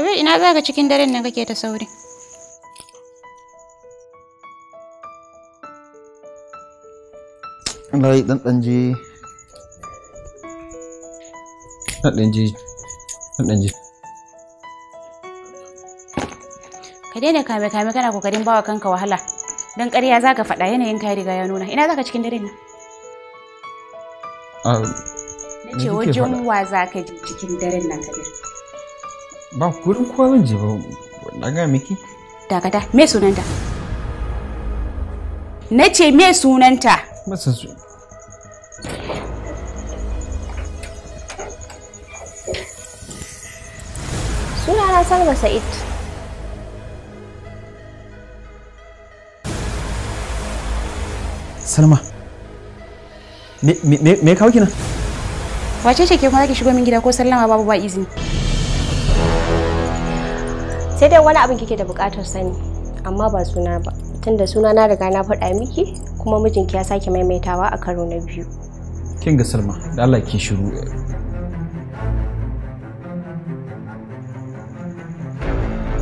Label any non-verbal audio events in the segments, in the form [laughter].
Kabir ina za ka cikin daren nan kake ta sauri? Allah yi ɗanɗan je. Ɗanɗan je. Ɗanɗan je. Ka daina kame-kame kana kokarin bawa kanka wahala. Don ƙarya za ka faɗa yanayin ka riga ya nuna. Ina za ka cikin daren nan? Ah, Na ce wajen wa za ka je cikin daren nan ka ba kurin kowa ji je ba wanda ga miki dakata me sunanta na ce me sunanta masa su sunana salma sa'id salma me kawo kina wace ce ke kuma zaki shigo min gida ko sallama babu ba izini sai dai wani abin kike da buƙatar sani amma ba suna ba tunda suna na riga na faɗa miki kuma mijinki ya sake maimaitawa a karo na biyu kin ga salma da Allah ki shiru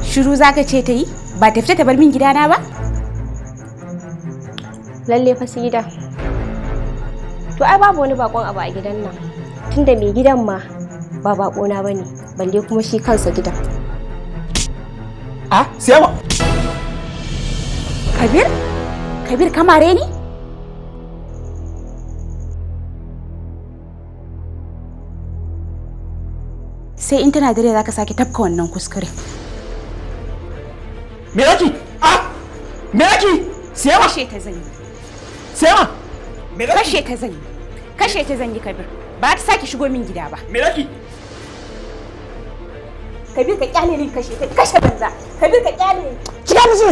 shiru zaka ce ta yi ba ta fita ta bar min gidana ba lalle fa sai gida to ai babu wani bakon abu a gidan nan tunda mai gidan ma ba bakona bane balle kuma shi kansa gidan siyama kabir kabir kamare ni sai in tana dare za ka sake tafka wannan kuskure me yake ah me yake siyama kashe ta zanyi siyama me kashe ta zanyi kashe ta zanyi kabir ba ta sake shigo min gida ba me yake kabir ka kyale ni kashe ka kashe banza kabir ka kyale ni shiga musu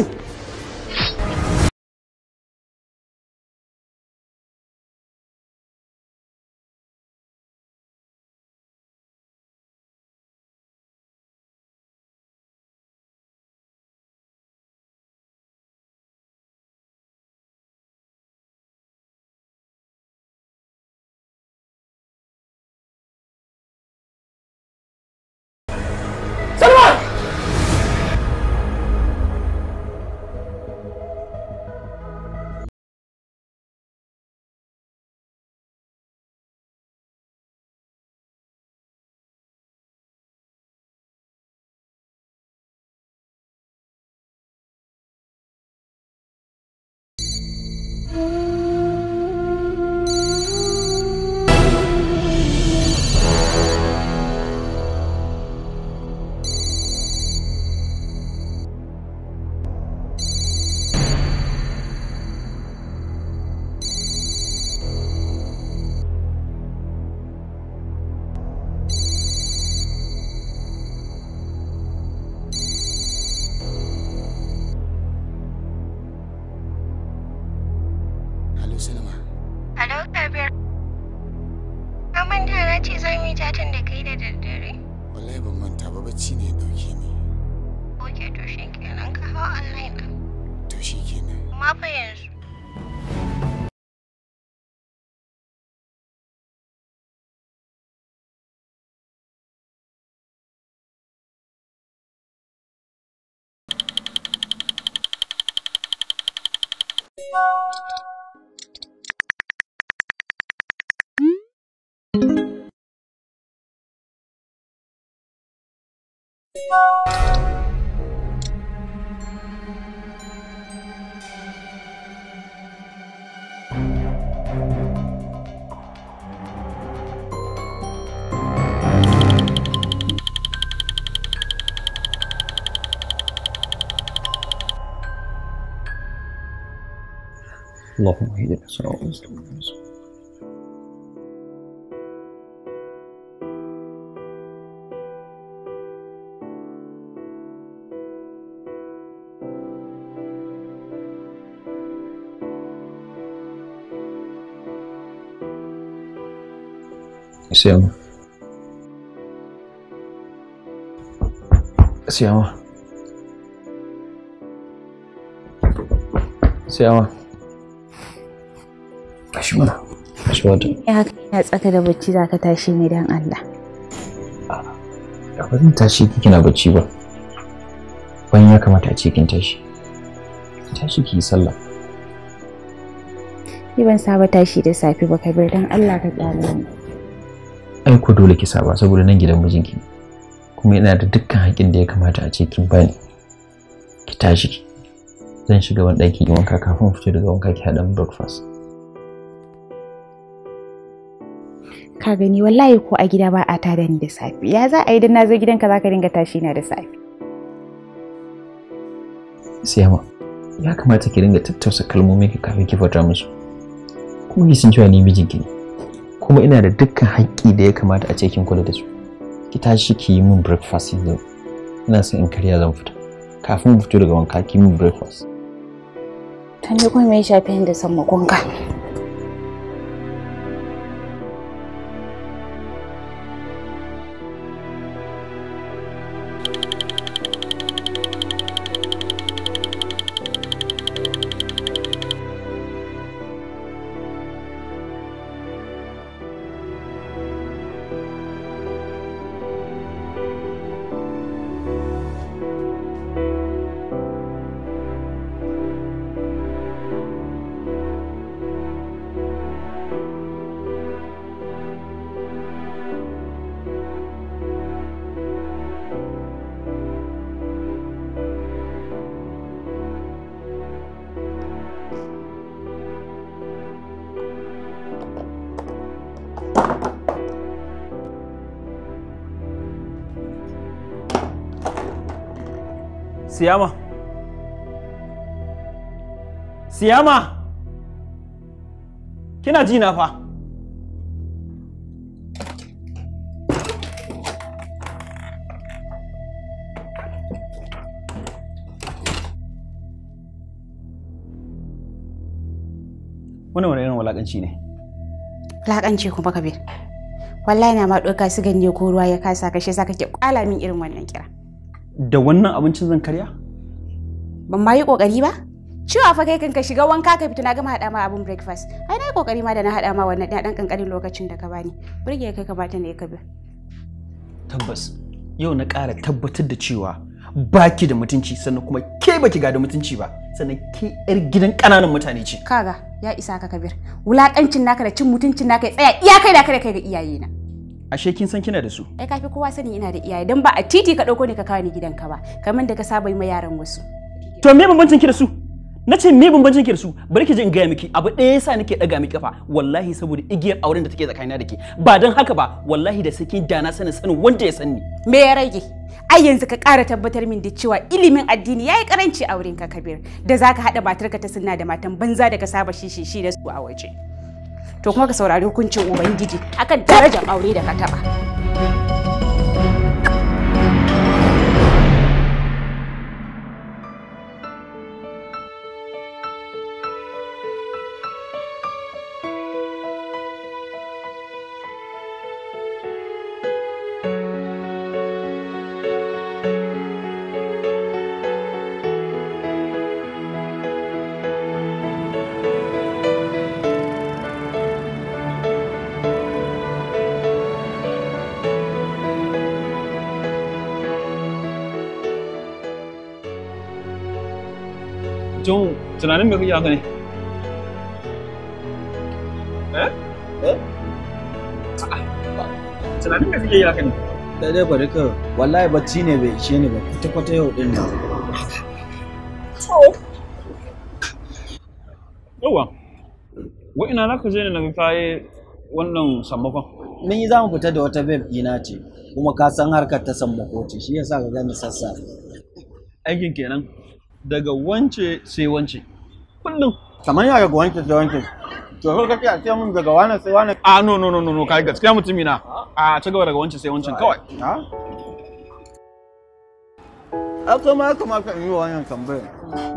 you اللهم اهدنا صراط المستقيم Siamo. Siamo. Siamo. tashi mana Ashwatu ya haka ya tsaka da bacci za ka tashi ne don Allah ba zan tashi ki kina bacci ba ban ya kamata a ce kin tashi tashi ki sallah ni ban saba tashi da safe ba kabir dan Allah ka kyale ni ai ko dole ki saba saboda nan gidan mijinki kuma ina da dukkan haƙin da ya kamata a ce kin bani ki tashi zan shiga wani ɗaki ki wanka kafin fito daga wanka ki haɗa breakfast ka gani wallahi ko a gida ba a tada ni da safe ya za a yi dan na zo gidanka za ka dinga tashi na da safe siyama ya kamata ki dinga tattausa kalmomin ki kafin ki fata musu kuma ki san cewa ni mijinki ne kuma ina da dukkan haƙƙi da ya kamata a ce kin kula da su ki tashi ki yi min breakfast yanzu ina son in karya zan fita kafin mu fito daga wanka ki yi min breakfast tun da kuma ya shafi yadda san makonka Siyama. Siyama. Kina ji na fa. Wani wani irin walakanci ne? Walakanci kuma kabir. Wallahi na ma ɗauka sigan ne ko ruwa ya kasa kashe sa kake kwala min irin wannan kira. da wannan abincin zan karya ban ma yi kokari ba cewa fa kai kanka shiga wanka ka fita na gama hada ma abin breakfast ai na yi kokari ma da na hada ma wannan ɗan kankanin lokacin da ka bani burge kai kamata ne ka bi tabbas yau na ƙara tabbatar da cewa baki da mutunci sannan kuma ke baki ga da mutunci ba sannan ke yar gidan ƙananan mutane ce kaga ya isa ka kabir wulakancin naka da cin mutuncin naka ya tsaya iya da kai da kai ga iyaye na ashe kin san kina da su ai kafi kowa sani ina da iyaye dan ba a titi ka dauko ni ka kawo ni gidanka ba kamar da ka saba yi ma yaran wasu to me bambancin ki da su na ce me bambancin ki da su bari ki ji in gaya miki abu ɗaya yasa nake daga miki kafa wallahi saboda igiyar auren da take tsakanina da ke ba don haka ba wallahi da saki da na sanin sanin wanda ya sanni. me ya rage ai yanzu ka kara tabbatar min da cewa ilimin addini yayi karanci a wurin ka kabir da zaka hada matarka ta sunna da matan banza da ka saba shi shi da su a waje to kuma ka saurari hukuncin ubangiji akan darajar aure da ka taba tunanin me kuke haka ne eh eh tunanin me kuke haka ne da dai bari ka wallahi bacci ne bai ishe ni ba kwata kwata yau din nan yawa wa ina na ka je ne na kaye wannan sammakon mun yi za mu fita da wata babe ina ce kuma ka san harkar ta sammako ce shi ya sa ka gani sassa aikin kenan daga wance sai wance kullum kamar ya ga wanke da wanke to ko kace a ce mun daga wani sai wani a no no no no kai gaskiya mutumi na a ci gaba daga wancin sai wancin kawai a to ma kuma ka yi wannan tambayar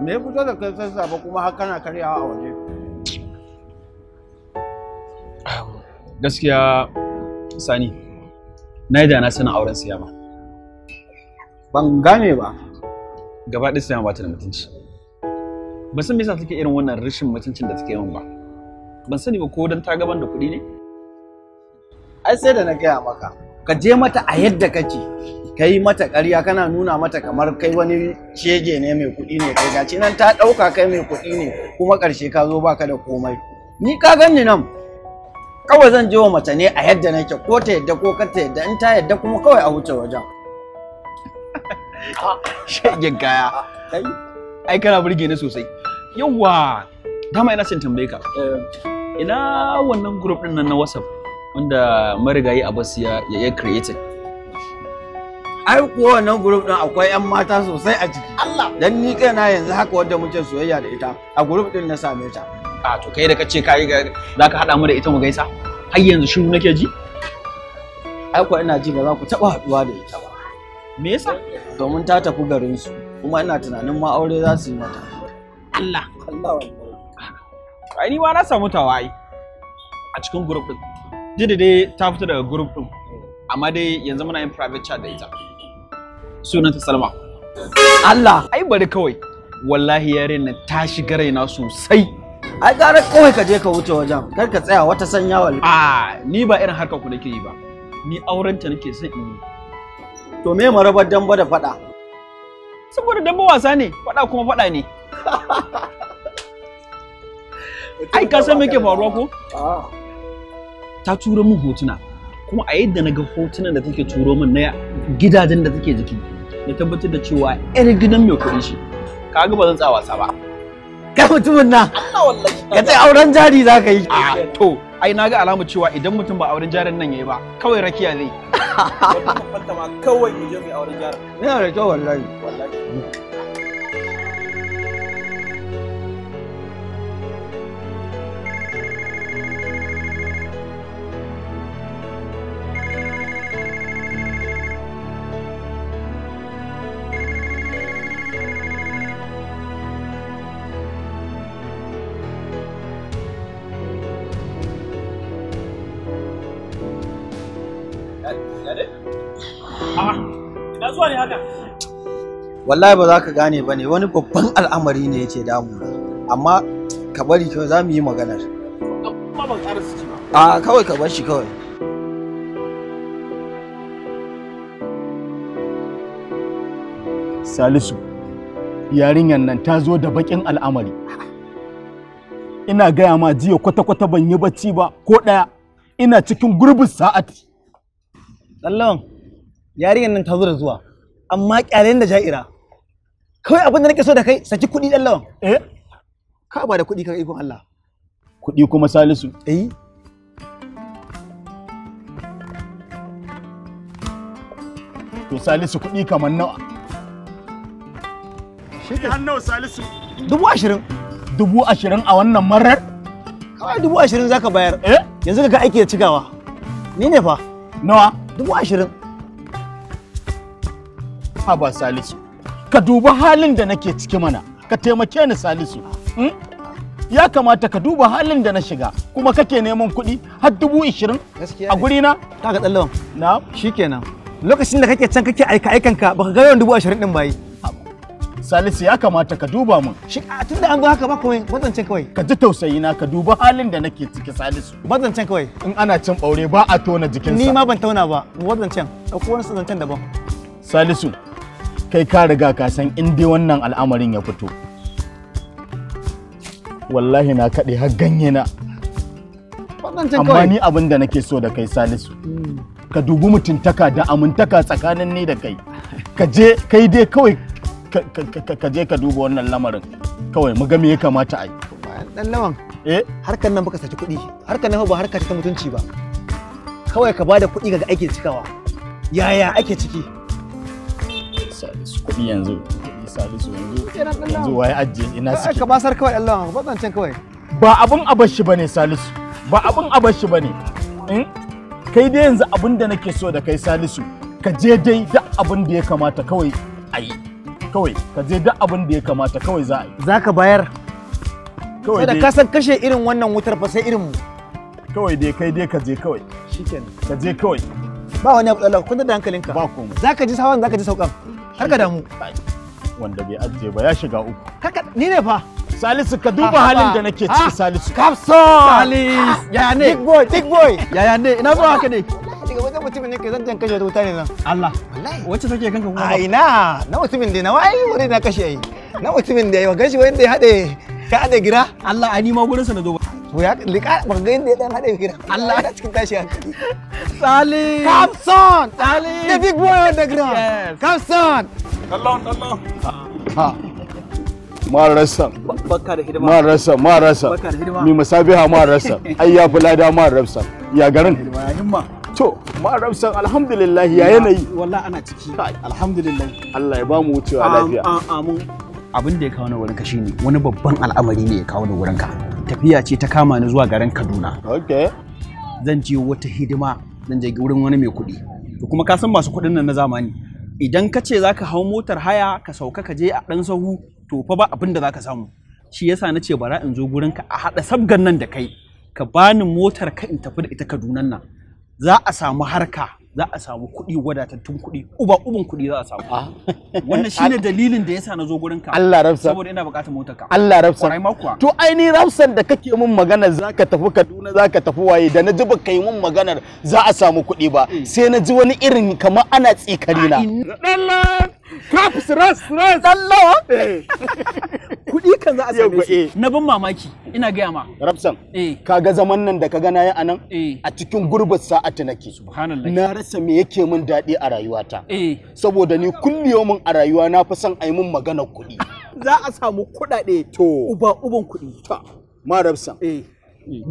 me ya fito da kai sai sabo kuma har kana karyawa a waje gaskiya sani na da na sanin auren siyama ban gane ba gaba ɗaya siyama ba ta da mutunci ban san me yasa take irin wannan rashin mutuncin da take yawan ba ban sani ba ko dan ta gaban da kuɗi ne ai sai da na gaya maka ka je mata a yadda kake ka yi mata ƙarya kana nuna mata kamar kai wani shege ne mai kuɗi ne kai gaci nan ta ɗauka kai mai kuɗi ne kuma ƙarshe ka zo baka da komai ni ka ganni nan kawai zan je wa mace ne a yadda nake ko ta yadda ko ka ta yadda in ta yadda kuma kawai a wuce wajen [laughs] shegen kaya ai kana burge ni sosai yawwa dama ina son tambaye ka eh, ina wannan group din nan na whatsapp wanda marigayi abbas ya ya created ai kuwa wannan group din akwai yan mata sosai a ciki Allah dan ni kaina yanzu haka wanda muke soyayya da ita a group din na same ta a to kai da kace kai ga zaka hada mu da ita mu gaisa har yanzu shiru nake ji ai kuwa ina ji ba za ku taba haduwa da ita ba me yasa domin ta tafi garin su kuma ina tunanin ma aure za su yi mata Allah Allah ai ni ma na samu tawayi a cikin group din Didi dai ta fita daga group din amma dai yanzu muna yin private chat da ita Sunan ta Salma Allah ai bari kawai wallahi yarin na ta shiga raina sosai ai gara kawai ka je ka wuce wajen kar ka tsaya wata sanya wal a ni ba irin harka ku nake yi ba ni aurenta nake son in yi to me marabar damba da faɗa saboda dabba wasa ne faɗa kuma faɗa ne [laughs] ai ka san me faruwa ko ta turo min hotuna kuma a yadda na ga hotunan da take turo min na gidajen da take jiki ya tabbatar da cewa yar gidan mai kuɗi shi ka ga ba zan wasa ba Ka mutumin na [laughs] ka ce auren jari za ka yi to ai na ga alamu cewa idan mutum ba auren jarin nan yayi ba kawai rakiya zai. [laughs] Wata kawai mu je mu auren jarin. ne ne to wallahi. Wallahi. wallahi ba za ka gane ba ne wani babban al'amari ne yake damu amma ka bari kawai za mu yi maganar a kawai ka bar shi kawai salisu yarinyar nan ta zo da bakin al'amari ina gaya ma jiya kwata-kwata ban yi bacci ba ko ɗaya ina cikin gurbin sa'ati. Ɗallon, yarinyar nan ta zo da zuwa, amma ƙyalen da ja'ira kawai abin da nake so da kai saki kuɗi ɗan lawan eh ka ba da kuɗi kan ikon Allah kuɗi kuma salisu eh to salisu kuɗi kamar nawa shi har nawa salisu dubu ashirin dubu ashirin a wannan marar kawai dubu ashirin za ka bayar eh? yanzu ka ga aiki da cigawa ni ne fa nawa dubu ashirin ha ba salisu ka duba halin da nake ciki mana ka taimake ni salisu hmm? ya kamata ka duba halin da na shiga kuma kake neman kuɗi har dubu ishirin a guri na ga tsallawan na shikenan lokacin da kake can kake aika aikanka baka ga yawan dubu ashirin din bayi Salisu ya kamata ka duba mun. Shi a tunda an ga haka ba komai matsancin kawai. Ka ji tausayi na ka duba halin da nake ciki Salisu. Matsancin kawai. In ana cin ɓaure ba a tona jikinsa. Ni ma ban tauna ba matsancin. Ɗauko wani zancen daban. Salisu kai ka riga ka san in dai wannan al'amarin ya fito wallahi na kaɗe har ganye na amma ni abin da nake so da kai salisu hmm. ka dubi mutuntaka da amintaka tsakanin ni da kai ka je kai dai kawai ka je ka duba wannan lamarin kawai mu ga me ya kamata a yi dan lawan eh harkar nan baka saci kuɗi harkar nan ba harka ta mutunci ba kawai ka bada kuɗi ga aikin cikawa yaya ake ciki kuɗi yanzu salisu yanzu yanzu wai ajiye ina suke ka basar kawai Allah ba zancen kawai ba abun abashi bane salisu ba abun abashi bane in hmm? kai dai yanzu abun da nake so da kai salisu ka je dai duk abun da ya kamata kawai a kawai ka je duk abun da ya kamata kawai za a yi za ka bayar kawai dai ka san kashe irin wannan wutar fa sai irin mu kawai dai kai dai ka je kawai shikenan ka je kawai ba wani abu Allah kun da hankalinka ba komai zaka ji sawan zaka ji saukan ka damu. Wanda bai ajiye ba ya shiga uku. Karka ni ne fa. Salisu ka duba ah, halin da nake ah, ciki Salisu. Kapso! Salis! Ah, yaya ne? Big boy, big boy. Yaya ne? Ina zuwa haka ne? Daga wajen mutumin ne ke zan kashe da wuta ne nan. Allah. Wallahi. Wacce take kanka kuma? Ai na, na mutumin da na wai wani na kashe ai. Na mutumin da ya ganshi wanda ya hade ka hade gira. Allah ani ma gurin sa na zo. to ya lika ba ga yadda ya dan hade hira Allah ya cikin tashi hankali Sali Capson Sali the big boy on the ground yes. Capson kallon kallon ah. ha marasa barka da hidima marasa marasa barka da hidima mi musabiha marasa [laughs] ai ya fi lada marasa ya garin himma to marasa alhamdulillah ya yanayi wallahi ana ciki alhamdulillah Allah ya ba mu wucewa lafiya amin abin da ya kawo na wurinka shine wani babban al'amari ne ya kawo na wurinka tafiya ce ta kama ni zuwa garin Kaduna. Zan je wata hidima zan je wurin wani mai kuɗi. To kuma ka san masu kuɗin nan na zamani. Idan ka ce za ka hau motar haya ka sauka ka je a ɗan sahu to fa ba abin da za ka samu. Shi yasa na ce bara in zo gurin ka. a haɗa sabgan nan da kai. Ka bani motar ka in tafi da ita Kaduna nan. Za a samu harka za a samu kuɗi wadatattun kuɗi uba uban kuɗi za a samu ah. wannan shine [laughs] dalilin da yasa na zo gurin ka Allah rafsa saboda ina buƙatar motar ka Allah rafsa kwarai ma kuwa to aini rafsan da kake mun magana zaka tafi Kaduna zaka tafi waye da na ji kai yi mun maganar za a samu kuɗi ba eh. sai na ji wani irin kamar ana tsikari na Allah kaps ras ras Allah kuɗi kan za a same su eh. na ban mamaki ina gaya ma rabsan eh. kaga zaman nan da ka gana ya anan eh. a cikin gurbin sa'ata nake na rasa me yake min daɗi a rayuwata saboda ni kulliyomin a rayuwa na fi son a mun maganar kuɗi [laughs] za a samu kuɗaɗe to uba uban kuɗi ta ma rabsan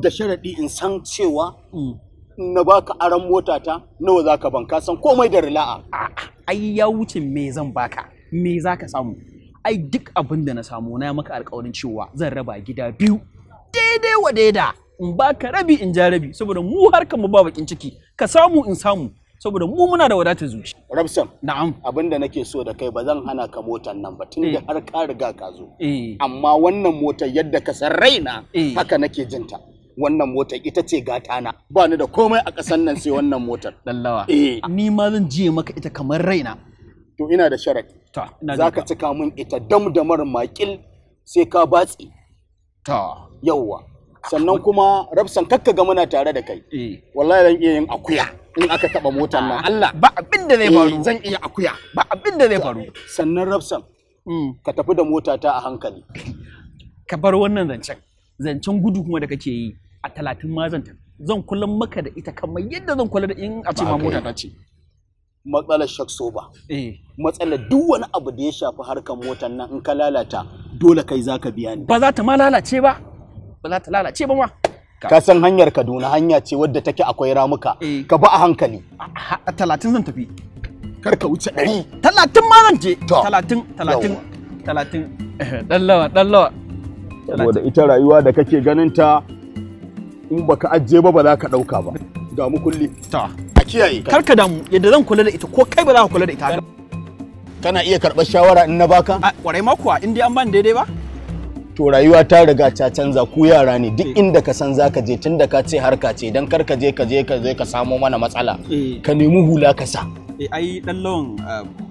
da sharaɗi in san cewa mm. na baka aran ta nawa zaka ban ka san komai da rila'a ai ya wuce me zan baka me zaka samu ai duk abin da na samu na maka alkawarin cewa zan raba gida biyu daidai wa daida in ba ka rabi in ja rabi saboda mu har mu ba bakin ciki ka samu in samu saboda mu muna da wadatar zuci. Rabsam. Na'am. Abin da nake so da kai ba zan hana ka motar nan ba tun da eh. har ka riga ka zo. Eh. Amma wannan motar yadda ka san raina eh. haka nake jinta. Wannan motar ita ce gata na ba ni da komai a ƙasan nan sai wannan motar. Lallawa. Eh. Ni ma zan jiye maka ita kamar raina. To ina da sharadi. za ka cika min ita damdamar makil sai ka batsi ta yawwa sannan kuma rafsan kakka ga muna tare da kai eh. wallahi zan iya yin akuya in aka taba motar nan Allah ba abin da zai faru eh, zan iya akuya ba abin da zai faru sannan rafsan mm. ka tafi da mota ta a hankali ka bar wannan zancen zancen gudu kuma da kake yi a talatin ma zan tafi zan kullum maka da ita kamar yadda zan kula da in a ce ma mota ta ce matsalar shakso ba eh. matsalar duk wani abu da ya shafi harkar motar nan in ka lalata dole kai za ka biya ni ba za ta ma lalace ba ba za ta lalace ba ma ka san hanyar kaduna hanya ce wadda take akwai ramuka eh. ka ba a hankali talatin zan tafi kar ka wuce ɗari talatin ma zan je talatin talatin talatin eh, ɗan lawa ɗan lawa saboda ita rayuwa da kake ganin ta in baka ajiye ba ba za ka ɗauka ba ga mu kulli ta kiyaye kar ka damu yadda zan kula da ita ko kai ba za ka kula da ita kana iya karɓar shawara in na baka a kwarai ma kuwa in dai an bani daidai ba to rayuwa ta riga ta canza ku yara ne duk inda ka san zaka je tunda ka ce harka ce dan kar ka je ka je ka je ka samo mana matsala eh. ka nemi hula ka sa eh, ai dan lawan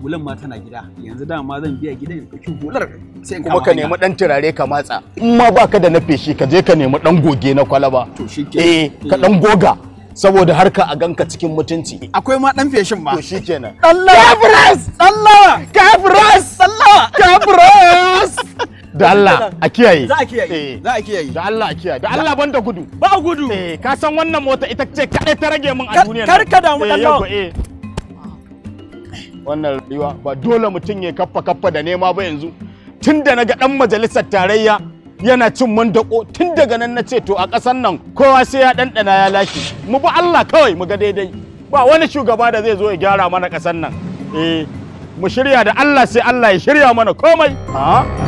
hulan ma tana gida yanzu dama zan biya gidan ɗauki hular sai kuma ka nemi dan turare ka matsa in ma baka da na feshi ka je ka nemi dan goge na kwalaba to eh ka dan goga saboda harka a ganka cikin mutunci akwai ma dan feshin ma to shikenan Allah kafiras Allah kafiras Allah kafiras [laughs] da Allah a kiyaye za a kiyaye eh. za a kiyaye da Allah a kiyaye da Allah banda gudu ba gudu eh ka san wannan mota ita ce kadai ta rage min a duniya kar ka damu dan eh, nawa eh. wannan riwa ba dole mutum ya kaffa kaffa da nema ba yanzu tunda naga dan majalisar tarayya yana cin mandako tun daga nan na ce to a ƙasan nan kowa sai ya ɗanɗana ya lashe mu bi Allah kawai mu ga daidai ba wani shugaba da zai zo ya gyara mana ƙasan nan eh mu shirya da Allah sai Allah ya shirya mana komai ah?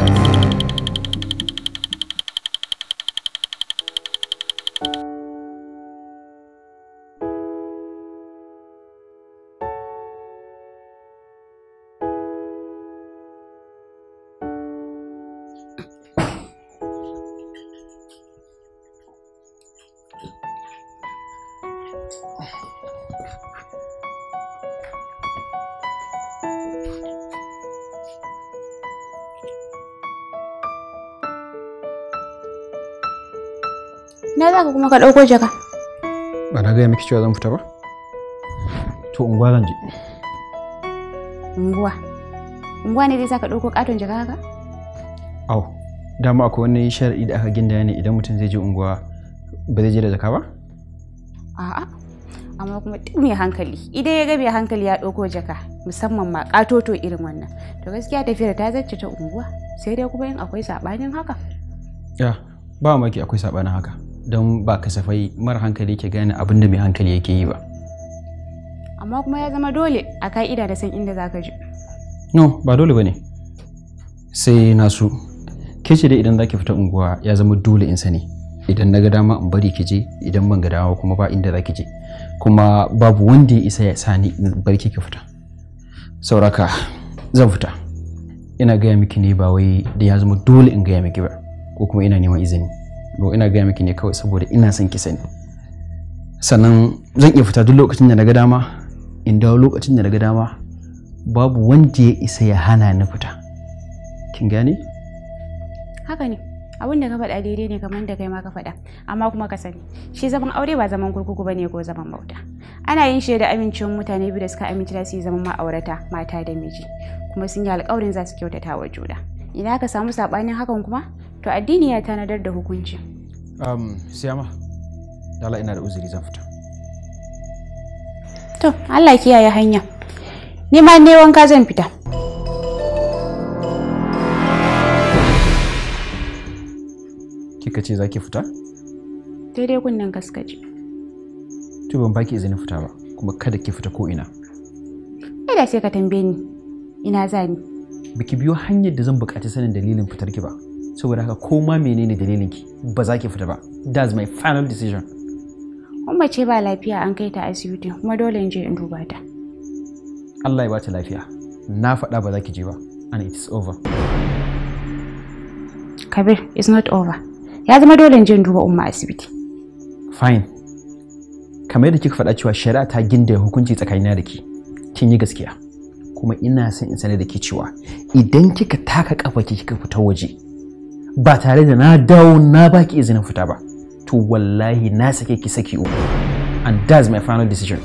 ka ɗauko jaka ba na gaya miki cewa zan fita ba to unguwa zan je unguwa unguwa ne zai sa ka ɗauko ƙaton jaka haka au dama akwai wani sharaɗi da aka gindaya ne idan mutum zai je unguwa ba zai je da jaka ba a'a amma kuma duk mai hankali idan ya mai hankali ya ɗauko jaka musamman ma ƙatoto irin wannan to gaskiya tafiyar ta zacce ta unguwa sai dai kuma in akwai saɓanin haka ya ba maki akwai saɓanin haka don ba kasafai mara hankali ke gane abin da mai hankali yake yi ba amma kuma ya zama dole a ka'ida da san inda zaka je no ba dole ba ne sai na su ke ce dai idan zaki fita unguwa ya zama dole in sani idan na ga dama in bari ki je idan ban ga dama kuma ba inda za ki je kuma babu wanda ya isa ya sani in bar ki ki fita sauraka zan fita ina gaya miki ne ba wai da ya zama dole in gaya miki ba ko kuma ina neman izini no ina gaya miki ne kawai saboda ina son ki sani sannan zan iya fita duk lokacin da na ga dama in dawo lokacin da na ga dama babu wanda ya isa ya hana ni fita kin gane haka ne abin da ka faɗa daidai ne kamar da kai ma ka faɗa amma kuma ka sani shi zaman aure ba zaman kurkuku bane ko zaman bauta ana yin shi da amincin mutane biyu da suka amince da su yi zaman ma'aurata mata da miji kuma sun yi alƙawarin za su kyautata wa juna idan aka samu saɓanin hakan kuma to addini ya tanadar da hukunci um, siyama dala ina da uzuri zan fita to allah kiyaye hanya ni ma ne wanka zan fita kika ce za ki fita daidai kunnen kaskaji to ban baki izinin fita ba kuma kada ki fita ko ina kada sai ka tambaye ni ina za ni biki biyo hanyar da zan bukaci sanin dalilin fitar ki ba saboda haka koma menene dalilin ki ba za ki fita ba that's my final decision umma ce ba lafiya an kai ta asibiti kuma dole in je in duba ta Allah ya bata lafiya na faɗa ba za ki je ba and it's over kabir it's not over ya zama dole in je in duba umma asibiti fine kamar yadda kika faɗa cewa shari'a ta ginda hukunci na da ki kin yi gaskiya kuma ina son in sanar da ke cewa idan kika taka kafa kika fita waje ba tare da na dawo na baki izinin fita ba to wallahi na sake ki saki uku and that's my final decision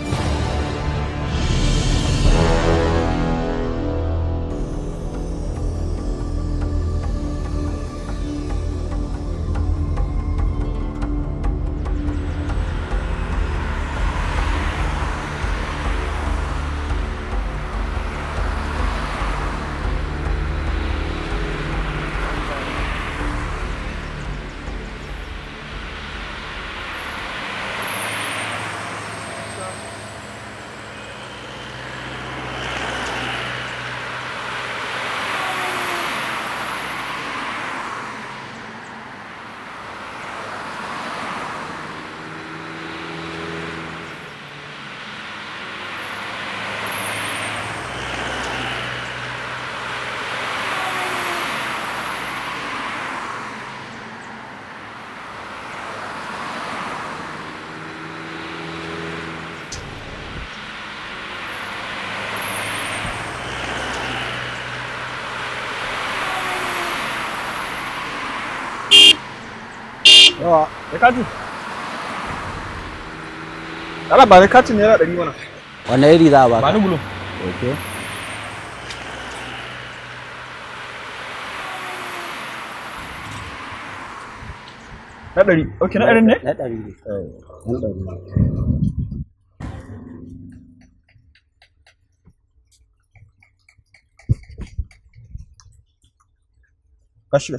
katin Allah ba katin naira ɗari mana wannan iri za a baka ba ni bulo okay na ɗari ok na ɗari ne na ɗari ne na ɗari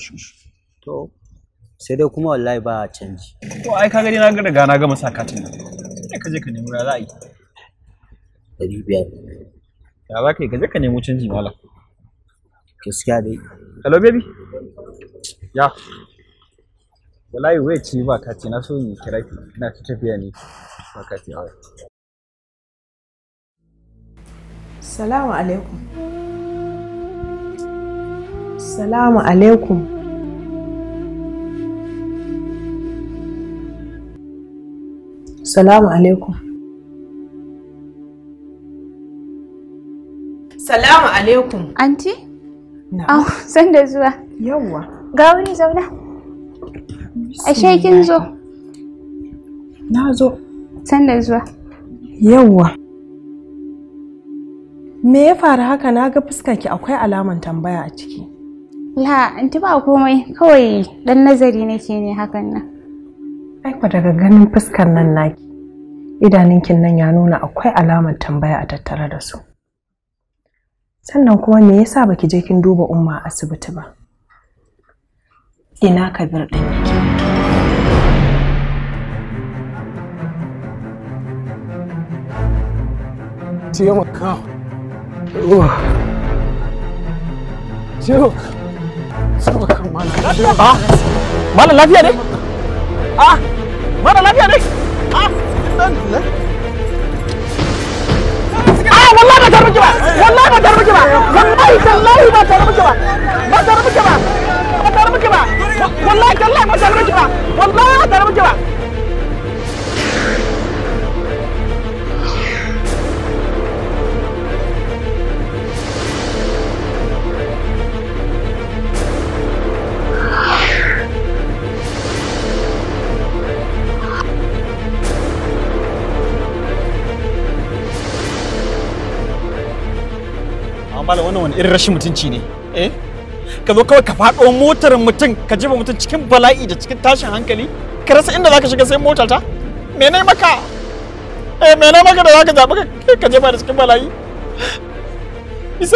ne To. sai dai kuma wallahi ba a canji to ai kaga dai na ga daga na gama masa katin sai ka je ka nemi ra'ayi. Dari ɗari biyar ya za ka yi ka je ka nemo canji malam gaskiya dai hello baby ya wallahi waya ce ba ce, na so in kira ki ina ta tafiya ne ba kati a salamu alaikum salamu alaikum Salamu alaikum. Salamu alaikum. Anti? Na. Oh, san da zuwa. Yawwa. Ga wani zauna. Ashe kin zo. Na zo. San da zuwa. Yawwa. Me ya faru haka na ga fuskarki akwai alaman tambaya a ciki. La, anti ba komai, kawai dan nazari nake ne hakan nan. Ai daga ganin fuskar nan naki. idaninkin nan ya nuna akwai alamar tambaya a tattare da su sannan kuma me yasa baki je kin duba umma a asibiti ba ina kabir din yake taimaka ah, Malam lafiya ne? Ah, mara lafiya ne? Ah! A'a wallahi ba tarbi ba. Wallahi ba tarbi ba. Wallahi tallahi ba tarbi ba. Ba tarbi ba. Ba tarbi ba. Wallahi tallahi ba tarbi ba. Wallahi ba ba. malam wannan wani irin rashin mutunci ne eh ka zo kawai ka faɗo motar mutum ka jefa mutum cikin bala'i da cikin tashin hankali ka rasa inda zaka shiga sai mota ta me ne maka eh me ne maka da zaka zaɓi ka jefa da cikin bala'i bisa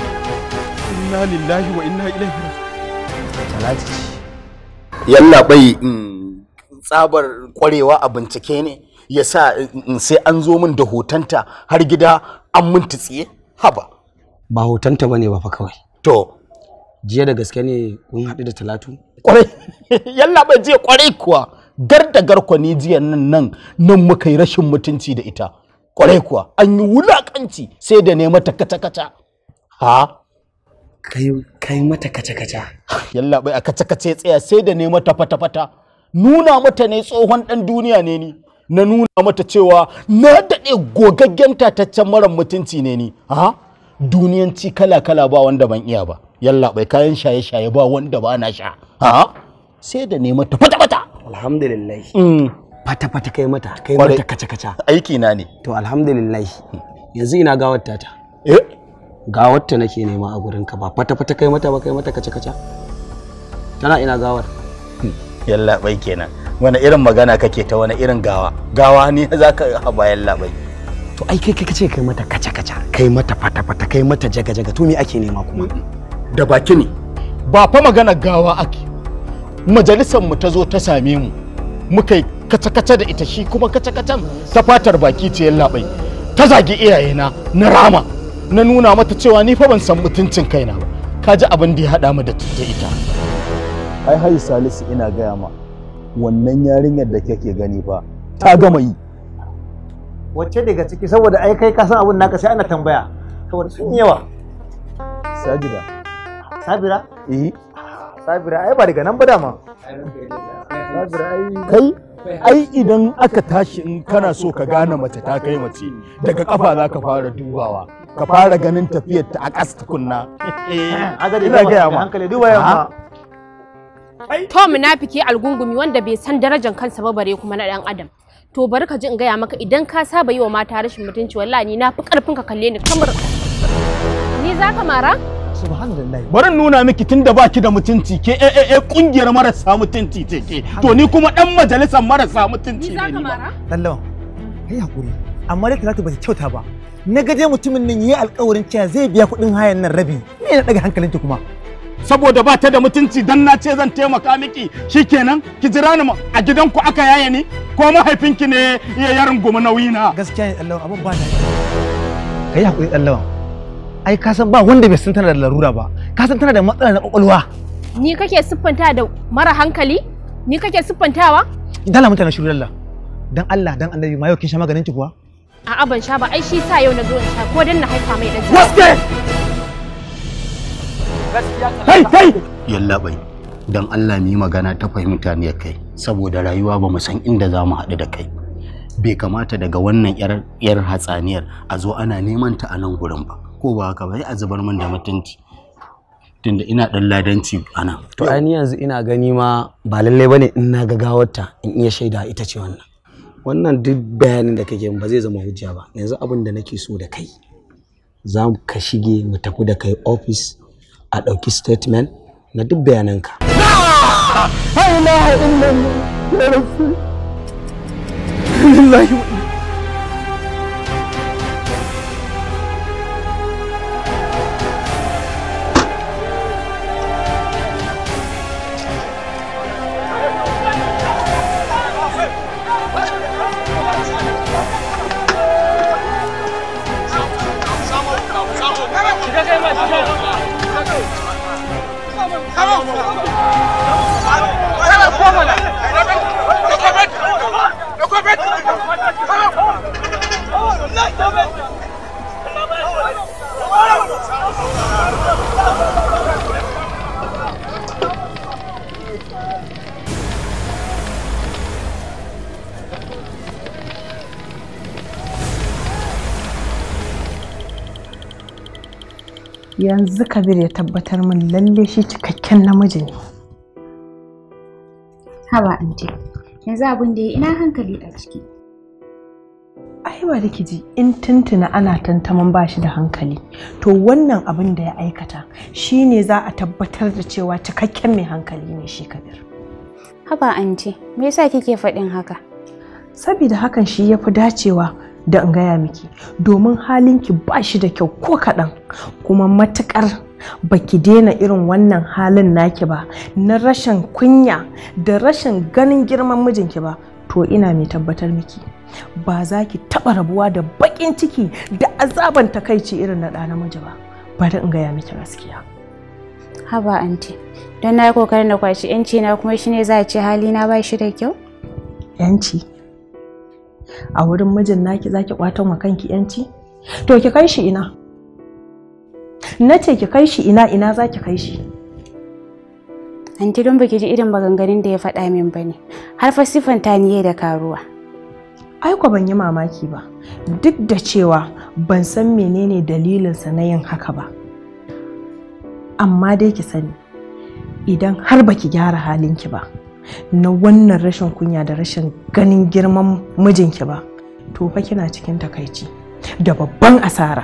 inna lillahi wa inna ilaihi talati ce yalla bai mm, tsabar kwarewa a bincike ne ya sa mm, mm, sai an zo min da hotonta har gida an mun tsiye haba ba hotonta bane ba fa kawai to jiya da gaske ne kun haɗu da talatu kwarai [laughs] yalla bai jiya kwarai kuwa gar da garkwa ne jiya nan nan nan muka yi rashin mutunci da ita kwarai kuwa an yi wulakanci sai da ne mata kata kata ha kai kai mata kace-kace. yalla bai a kace-kace tsaya sai da ne mata fata-fata nuna mata ne tsohon dan duniya ne ni na nuna mata cewa na daɗe gogaggen tataccen maran mutunci ne ni ha duniyanci kala-kala ba wanda ban iya ba yalla bai kayan shaye-shaye ba wanda ba na sha ha sai da ne mata fata-fata alhamdulillah mm. fata-fata kai mata kai mata kaca kace aiki na ne to alhamdulillah mm. yanzu ina gawar tata eh ga wata nake nema a gurin ka ba fata fata kai mata ba kai mata kace kace tana ina gawar yalla bai kenan wani irin magana kake ta wani irin gawa gawa ne zaka haba yalla bai to ai kai kace kai mata kace kace kai mata fata fata kai mata jaga jaga to me ake nema kuma da baki ne ba fa magana gawa ake majalisar mu ta zo ta same mu muka yi kace-kace da ita shi kuma kace-kacen ta fatar baki ce yallaɓai ta zagi iyayena na rama na nuna mata cewa ni fa ban san mutuncin kaina ba ka ji abin da ya haɗa mu da ita ai hayi salisu ina gaya ma wannan yarinyar da kake gani fa ta gama yi wacce daga ciki saboda ai kai ka san abin naka sai ana tambaya saboda sun yawa sajida sabira eh sabira ai ba daga nan ba dama sabira ai kai ai idan aka tashi in kana so ka gane mace ta kai mace daga kafa za ka fara dubawa ka fara ganin tafiyar ta a ƙasa tukunna eh, ina gaya ma to munafiki algungumi wanda bai san darajar kansa ba bare kuma na ɗan adam to bari ka ji in gaya maka idan ka saba yi wa mata rashin mutunci wallahi ni na fi karfin ka kalle ni kamar ni za ka mara subhanallah bari nuna miki tunda baki da mutunci ke eh eh kungiyar eh, marasa mutunci ce ke to ni kuma dan majalisar marasa mutunci ne ni za ka mara lallawa kai hakuri amma dai talatu ba ta kyauta ba na gaje mutumin nan yayi alƙawarin cewa zai biya kuɗin hayan nan rabi me na daga hankalinki kuma saboda ba ta da mutunci dan na ce zan taimaka miki shikenan ki jira ni a gidanku aka yaye ni ko mahaifinki ne ya yarin goma nauyi na gaskiya ne tsallawa abin ba da kai hakuri tsallawa ai ka san ba wanda bai san tana da larura ba ka san tana da matsala na kwakwalwa ni kake siffanta da mara hankali ni kake siffantawa dala mutane shiru dalla dan Allah dan Annabi ma yau kin sha maganin ki kuwa A'a ban sha ba, ai shi sa yau na zo in sha ko dan na haifa mai dan. Waske! Kai kai! Yalla bai. Dan Allah ni magana ta fahimta ne kai saboda rayuwa ba mu san inda za mu haɗu da kai. Bai kamata daga wannan yar hatsaniyar a zo ana neman ta a nan gurin ba. Ko ba haka ba a zubar min da mutunci. tunda ina dan ladanci ana to ai yanzu ina gani ma ba lalle bane in na ga gawarta in iya shaida ita ce wannan wannan duk bayanin da kake ba zai zama hujja ba yanzu abin da nake so da kai za mu ka shige mu tafi da kai ofis a ɗauki statement na duk bayananka la ilaha illallah ya rasu ¡Vamos! yanzu kabir ya tabbatar min lalle shi cikakken namiji ne haba anti yanzu abin da ya ina hankali a ciki ai ba da ji in tuntuna ana tantaman ba shi da hankali to wannan abin da ya aikata shine za a tabbatar da cewa cikakken mai hankali ne shi kabir haba anti me yasa kike faɗin haka saboda hakan shi ya fi dacewa da in gaya miki domin halinki ba shi da kyau ko kaɗan kuma matuƙar baki daina irin wannan halin naki ba na rashin kunya da rashin ganin girman mijinki ba to ina mai tabbatar miki ba za ki taɓa rabuwa da baƙin ciki da azaban takaici irin na ɗa namiji ba bari in gaya miki gaskiya haba anti don na yi ƙoƙarin da kwashi yanci na kuma shine za a ce hali na ba shi da kyau yanci a wurin mijin naki zaki kwatan wa kanki yanci to ki kai shi ina na ce ki kai shi ina ina zaki kai shi anti don baki ji irin maganganun da ya faɗa min ba ne har fa ta niye da karuwa ai ban yi mamaki ba duk da cewa ban san menene dalilinsa na yin haka ba amma dai ki sani idan har baki gyara halinki ba na wannan rashin kunya da rashin ganin girman mijinki ba to fa kina cikin takaici da babban asara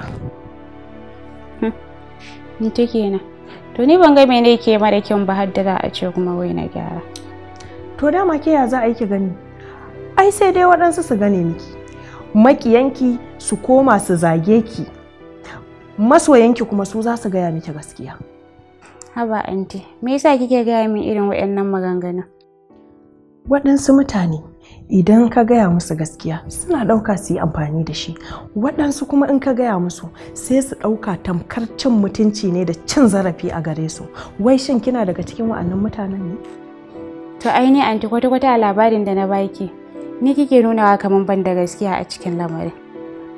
hmm. ni ta kenan to ni ban ga me mene ke mara kyan ba har da za a ce kuma wai na gyara to dama ke ya za a yi ki gani ai sai dai waɗansu su gane miki makiyanki su koma su zage ki masoyanki kuma su za su gaya miki gaskiya haba anti me yasa kike gaya min irin waɗannan maganganun waɗansu mutane idan ka gaya musu gaskiya suna ɗauka su yi amfani da shi waɗansu kuma in ka gaya musu sai su ɗauka tamkar cin mutunci ne da cin zarafi a gare su wai shin kina daga cikin wa'annan mutanen ne to aini anti kwata-kwata a labarin da na baki ni kike nunawa kamar ban da gaskiya a cikin lamarin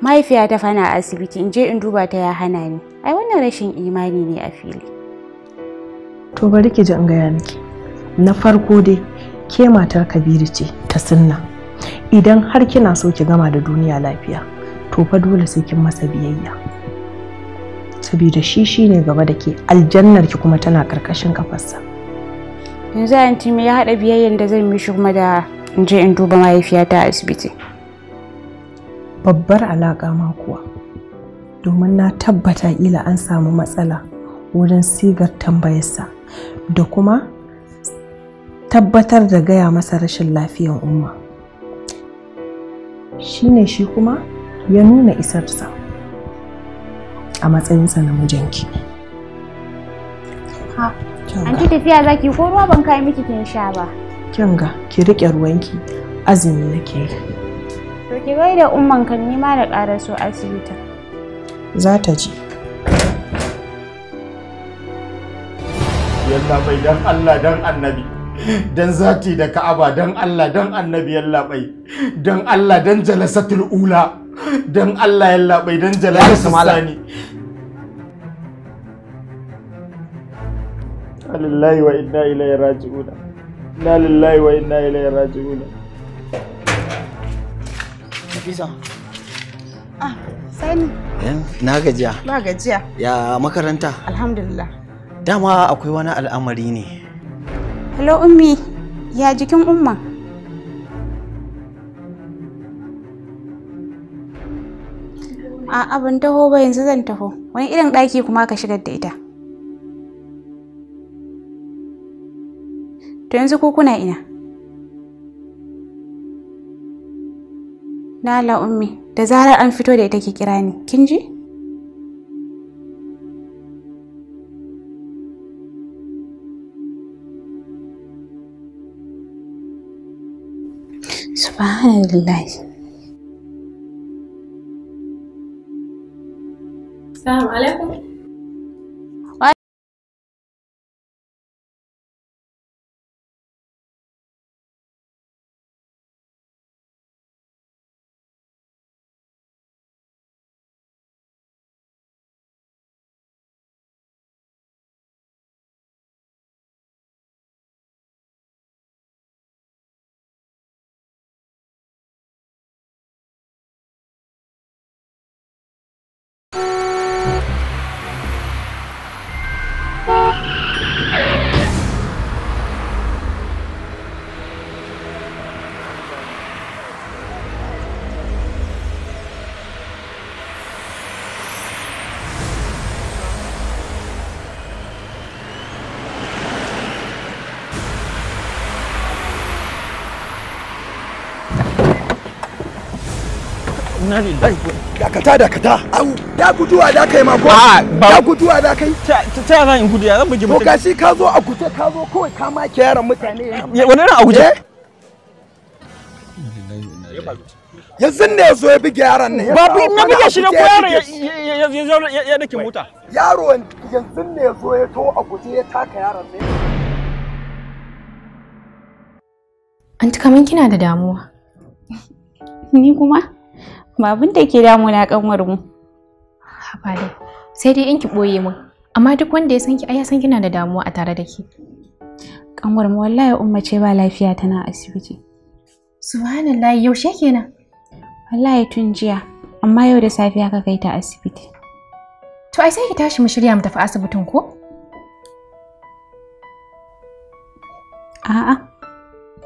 mahaifiya ta fana a asibiti in je in duba ta ya hana ni ai wannan rashin imani ne a fili to bari ki ji in gaya miki na farko dai ke matar kabiru ce ta sunna idan har kina so ki gama da duniya lafiya to fa dole sai kin masa biyayya saboda shi shi ne gaba da ke aljannar ki kuma tana karkashin kafarsa yanzu yanti me ya hada biyayyan da zan mishi kuma da in je in duba mahaifiyata a asibiti babbar alaƙa ma kuwa domin na tabbata ila an samu matsala wurin sigar tambayarsa da kuma tabbatar da gaya masa rashin lafiyan umma ne shi kuma ya nuna isarsa a matsayinsa na mijinki an ki tafiya za ki ko ruwa ban kai miki kin sha ba kin ga ki riƙe ruwanki azumi nake yi to ki gaida umman kan nima da ƙaraso asibiti za ta ji yalla bai dan Allah dan annabi dan zati da ka'aba dan Allah dan annabi yallaɓai dan Allah dan jalasatul ula dan Allah yallaɓai dan jalasatul sani lillahi wa inna ilayhi raji'un la lillahi wa inna ilayhi raji'un Nafisa ah sani eh, na gajiya na gajiya ya makaranta alhamdulillah dama akwai wani al'amari ne Hello Ummi, ya jikin Umma? A'a ban taho ba yanzu zan taho. Wani irin ɗaki kuma ka shigar da ita? To yanzu ku kuna ina? Lala Ummi, da zarar an fito da ita ke kira ni, kin ji? alhamdulillah Assalamu alaikum. inna lillahi dakata dakata au da guduwa da kai ma ko da ah, guduwa da kai ta ta zan gudu ya zan bugi mutum to gashi ka zo a guje ka zo kawai ka ma ke yaran mutane ya wani ran a guje eh? yanzu ne ya zo ya buge yaran ne ba bi na buge shi ne ko yaron ya ya dake mota yaro yanzu ne ya zo ya to a guje ya taka yaran ne Anti kaman kina da damuwa. [laughs] Ni kuma? Ba abin da ke damuna kanwar mu. Haba dai. Sai dai in ki boye mu Amma duk wanda ya san ki ai san kina da damuwa a tare da ke. Kanwar mu wallahi umma ce ba lafiya tana asibiti. Subhanallah yaushe kenan? Wallahi tun jiya. Amma yau da safiya ka kai ta asibiti. To ai sai ki tashi mu shirya mu tafi asibitin ko? A'a,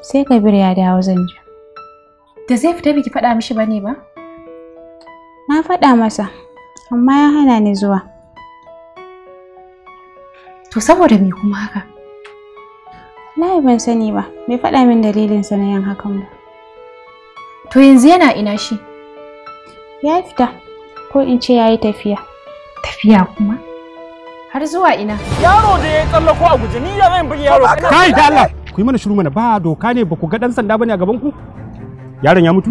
sai Kabir ya dawo zan ji. Da zai fita biki faɗa mishi bane ba? na faɗa masa amma ya hana ni zuwa to saboda me kuma haka Wallahi ban sani ba, bai faɗa min dalilin sa na yin hakan ba. To yanzu yana ina shi? Ya fita, ko in ce ya yi tafiya. Tafiya kuma? Har zuwa ina? Yaro da ya tsallako a guje, ni ya zan bugi yaro. Kai da Allah, ku yi mana shiru mana ba doka ne ba ku ga ɗan sanda bane a gaban ku? Yaron ya mutu?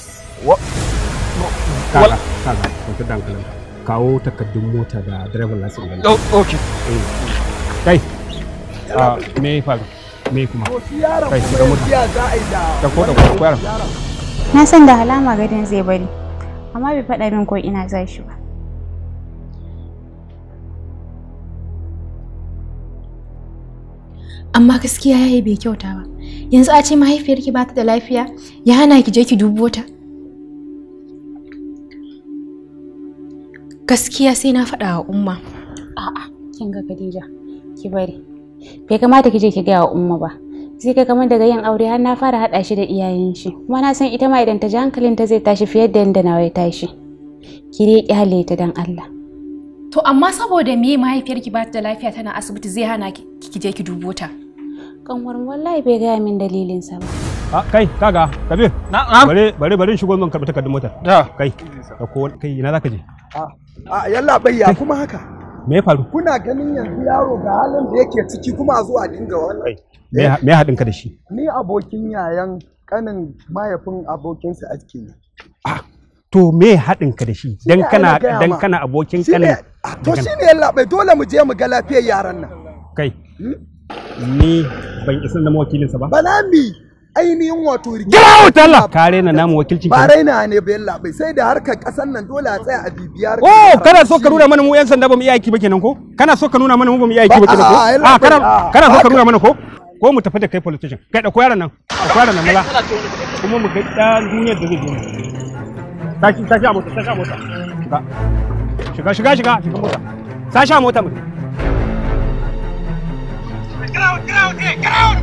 kawo takardun mota da direban lasin gani oh, ok eh, kai ah, me faru me kuma kai shiga mota da ko da ko yaran na san da alama gadin zai bari amma bai faɗa min ko ina za shi ba amma gaskiya yayi bai kyauta ba yanzu a ce mahaifiyarki ba ta da lafiya ya hana ki je ki dubo ta gaskiya sai na faɗa wa umma a'a kin ga Khadija ki bari bai kamata kije ki gaya wa umma ba sai kai kamar daga yin aure har na fara haɗa shi da iyayen shi kuma na san ita ma idan ta ji hankalin ta zai tashi fiye da yadda nawa ya tashi ki dai kyale ta dan Allah to amma saboda me mahaifiyarki ba ta da lafiya tana asibiti zai hana ki je ki dubo ta kanwar wallahi bai gaya min dalilin sa ba kai kaga kabir na'am bare bare bare shigo mun karbi takardun motar da kai ko kai ina zaka je a yalla bayya kuma haka me ya faru kuna ganin yanzu yaro ga halin da yake ciki kuma a zuwa dinga wannan me haɗin ka da shi ni abokin yayan kanin mahaifin abokinsa ake ne ah to me haɗin ka da shi dan kana dan kana abokin kanin ah, to shine yalla bai dole mu je mu ga lafiyar yaran nan kai hmm? ni ban isa na wakilinsa ba balami ainihin wato rigima out Allah ka raina namu wakilcin ba raina ne bella labai, sai da harkar kasar nan dole a tsaya a bibiyar oh kana so ka nuna mana mu yan sanda ba mu iya aiki ba kenan ko kana so ka nuna mana mu ba mu iya aiki ba kenan ko a ah, kana kana so ka nuna mana ko ko mu tafi da kai police station kai ko yaron nan dauko yaron nan mala kuma mu ga da duniyar da zai je tashi tashi a mota tashi a mota shiga shiga shiga shiga mota tashi a mota mu Get out, get out, get out!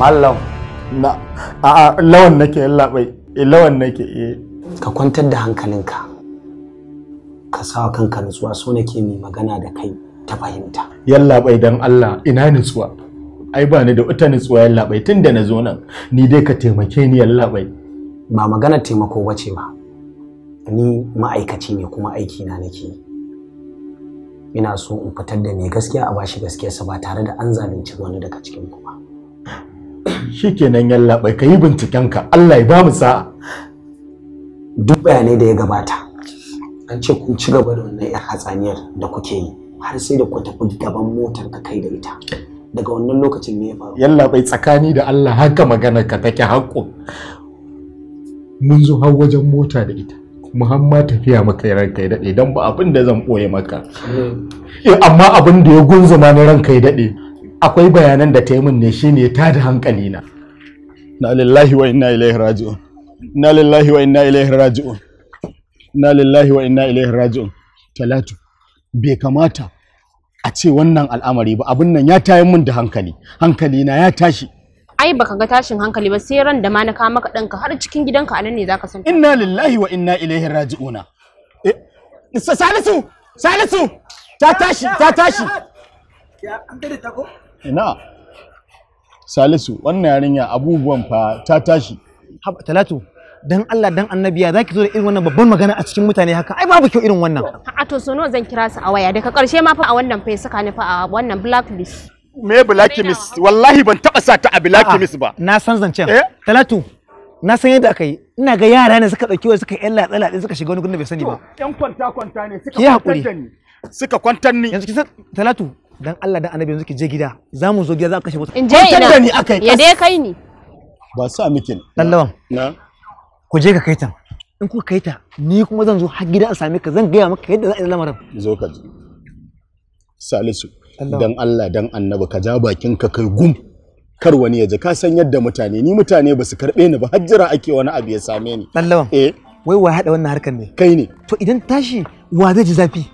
Mallam. Na, a lawan nake labai, eh, lawan nake e. Ka kwantar da hankalinka. Ka sa kanka nutsuwa so nake mai magana da kai ta fahimta. Yallaɓai dan Allah ina nutsuwa. Ai ba ni da wata nutsuwa yallaɓai tun na zo nan. Ni dai ka taimake ni yallaɓai. Ba magana taimako bace ba. Ni ma'aikaci ne kuma aiki na nake yi. ina so in fitar da mai gaskiya a bashi gaskiyarsa ba tare da an zalunci wani daga cikin kuma. shikenan yalla bai ka binciken ka Allah ya ba mu sa'a duk bayanai da ya gabata an ce kun ci gaba da wannan yar hatsaniyar da kuke yi har sai da ku tafi gaban motar ka kai da ita daga wannan lokacin me ya faru yalla bai tsakani da Allah haka magana ka take haƙƙo mun zo har wajen mota da ita muhamma tafiya maka ranka ya dade. don ba abin da zan ɓoye maka mm. amma abin da ya gunzuma na ran ya dade. akwai bayanan da ta yi shi ne ta da hankali na na lillahi wa inna ilaihi raji'un na lillahi wa inna ilaihi raji'un na lillahi wa inna ilaihi raji'un talatu bai kamata a ce wannan al'amari ba abin nan ya tayin min da hankali hankali na ya tashi ai baka ga tashin hankali ba sai ran da ma na kawo maka ɗanka har cikin gidanka anan ne zaka san inna lillahi wa inna ilaihi raji'una eh, salisu salisu ta tashi ta tashi ya an ta ko ina salisu wannan yarinya abubuwan fa ta tashi talatu dan Allah dan annabiya zaki zo da irin wannan babban magana a cikin mutane haka ai babu kyau irin wannan a to sono zan kira su a waya daga karshe ma fa a wannan fa suka ni fa a wannan blacklist me blacklist wallahi ban taba sa ta a blacklist ba na san zancen eh? talatu na san yadda aka yi ina ga yara ne suka dauki wa suka yan latsa din suka shiga wani gurin da bai sani ba yan kwanta kwanta ne suka kwantar da ni suka kwantar ni yanzu talatu dan Allah dan annabi yanzu ki je gida za mu zo gida za mu kashe mutum. in je ina ni akai ya dai kai ni ba su amikin dan lawan na ku je ka kai ta in ku kai ta ni kuma zan zo har gida a same ka zan gaya maka yadda za a yi lamarin zo ka ji salisu dan Allah dan annabi ka ja bakin ka kai gum kar wani ya ji ka san yadda mutane ni mutane ba su karbe ni ba har jira ake wani abu ya same ni dan lawan eh wai wa hada wannan harkar ne kai ne to idan tashi wa zai ji zafi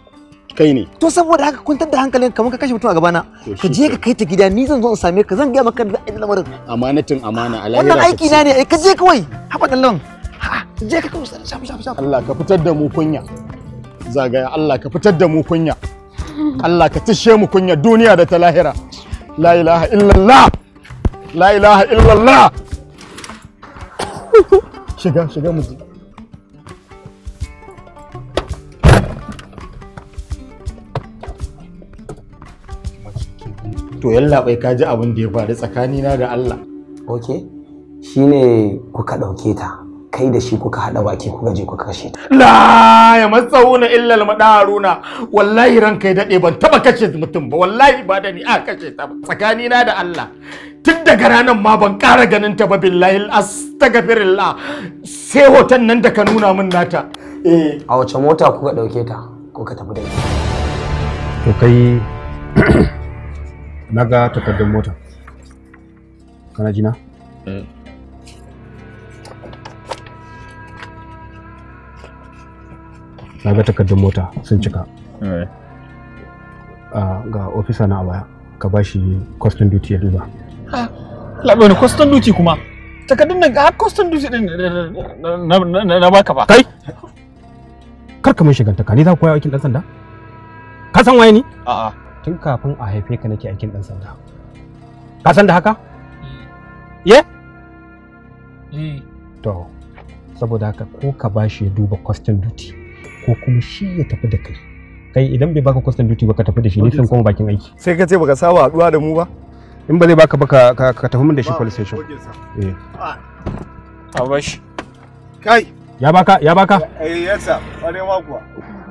kai ne to saboda haka kwantar da hankalin kamar ka kashe mutum a gabana ka je ka kai ta gida ni zan zo in same ka zan ga maka da ina lamarin amanatin amana a wannan aiki na ne eh, ka je kawai haba dallon ha je ka kawai shaf shaf shaf Allah ka fitar da mu kunya zagaya Allah ka fitar da mu kunya Allah ka tishe mu kunya duniya da ta lahira la ilaha illallah la ilaha illallah shiga shiga mu to yallaɓai ka ji abin da ya faru tsakanina da Allah. Ok, shi ne kuka ɗauke ta, kai da shi kuka haɗa baki kuka je kuka kashe ta. La ya matsauna illal maɗaruna, wallahi ran kai daɗe ban taɓa kashe mutum ba, wallahi ba da ni a kashe ta ba, tsakanina da Allah. Tun daga ranar ma ban ƙara ganin ta ba billahi astagfirullah sai hoton nan da ka nuna min nata. Eh. A wace mota kuka ɗauke ta kuka tafi da ita? To kai na ga takardun mota kana jina? Eh. na ga takardun mota sun cika eh. ah, ga ofisa na baya ka ba shi custom duty ya duba ha labe wani custom duty kuma takardun nan har custom duty din na baka ba kai kar ka mun shiganta ka ni za ku koya aikin dan sanda ka san waye ni a'a tun kafin a haife ka nake aikin dan sanda ka san da haka eh. ye eh. to saboda haka ko ka bashi ya duba custom duty ko kuma shi ya tafi da kai kai idan bai baka custom duty ba ka tafi da shi ne sun koma bakin aiki sai ka ce baka saba haduwa da mu ba in ba zai baka ba ka tafi min da shi police station eh a bashi kai ya baka ya baka eh yes sir wani kuwa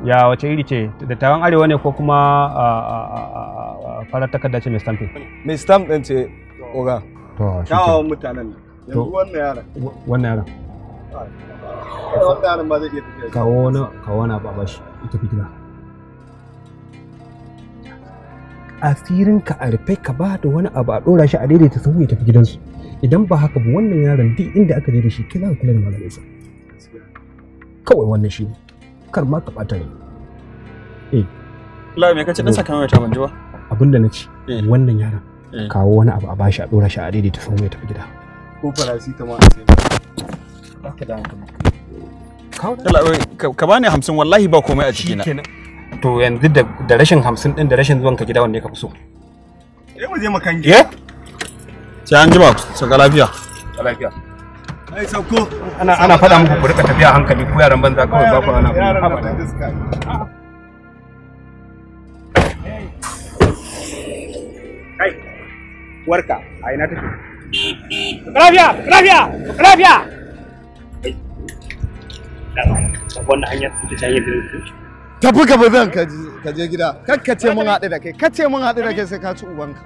ya wace iri ce da taron arewa ne ko kuma farar takarda ce mai stamping mai stamp ce oga to kyawawan mutanen yanzu wannan yaran wannan yaran wannan ba zai iya tafiya kawo na kawo shi ita fi gida asirin ka a rufe ka ba da wani abu a dora shi a daidaita sahu ya tafi gidansu idan ba haka ba wannan yaron duk inda aka je da shi kila kula da malaminsa kawai wannan shi ne dukkan ma ka bata ne. eh la me kace dan saka mai ta ban ji ba abinda nace eh. wannan yaran eh. kawo wani abu a bashi a dora shi a daidaita sau mai tafi gida ko farasi ta paracetamol sai ka da ka bani hamsin wallahi ba komai a jikina to yanzu da rashin hamsin din da rashin zuwan ka gida wanda ka fi so eh mu je mu makan gida eh? sai an ji ba ku saka lafiya lafiya ana faɗa muku ku rika tafiya hankali ko yaran banza kawai ba ku ana kai warka a ina take wannan hanyar ta tafi ka je gida kakkace mun haɗu da kai kace mun haɗu da kai sai ka ci ubanka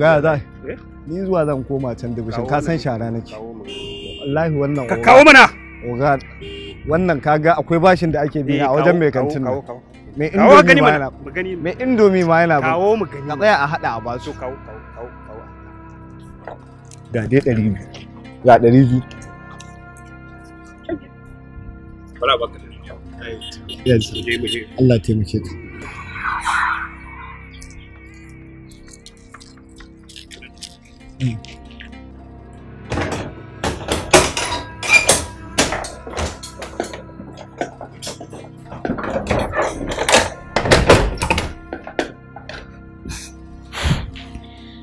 ga Eh? ni zuwa zan koma can dibishin ka san shara nake wallahi wannan ka kawo mana oga wannan kaga akwai bashin da ake bi eh, a wajen mai kantin nan mai indomi ma yana mai indomi ma yana kawo mu gani ka tsaya a hada a basu kawo kawo kawo kawo ga dai 200 ga 200 bara baka da Allah taimake ka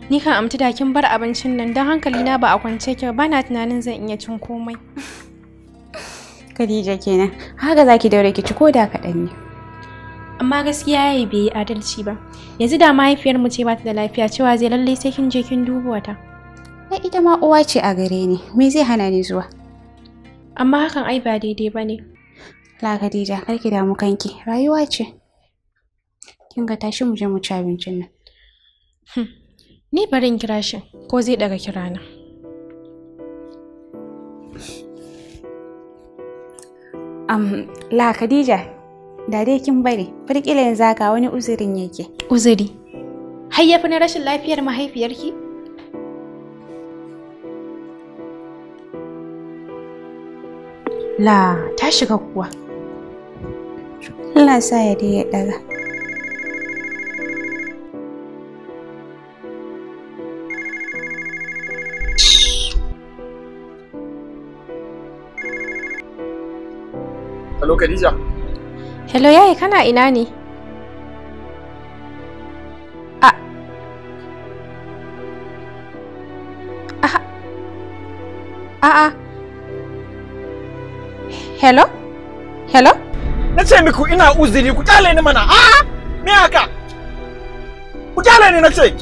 Ni kan amta da kin bar abincin nan don hankali na ba a kwance kyau. ba na tunanin zan iya cin komai. Kadija kenan, haka zaki daure ki ci ko da kaɗan ne. Amma gaskiya yayi bai yi adalci ba. Yanzu da mahaifiyar mu ce ba ta da lafiya cewa zai lallai sai kin je kin duba ta. ita ma uwa ce a gare ni me zai hana ni zuwa amma hakan ai ba daidai ba ne la khadija kar ki damu kanki rayuwa ce kin ga tashi mu je mu ci abincin nan hmm. ni barin kira shi ko zai daga kira na um, la khadija da dai kin bari farkila yanzu ga wani uzurin yake uzuri har yafi na rashin lafiyar mahaifiyarki La ta shiga kuwa. Allah sa ya dai ya ɗaga. Hello Khadija. Hello yayi kana ina ne? Ah. A'a, Hello? Na ce miku ina uzuri ku kyale ni mana. A'a! Ah! Me haka? Ku kyale ni na ce.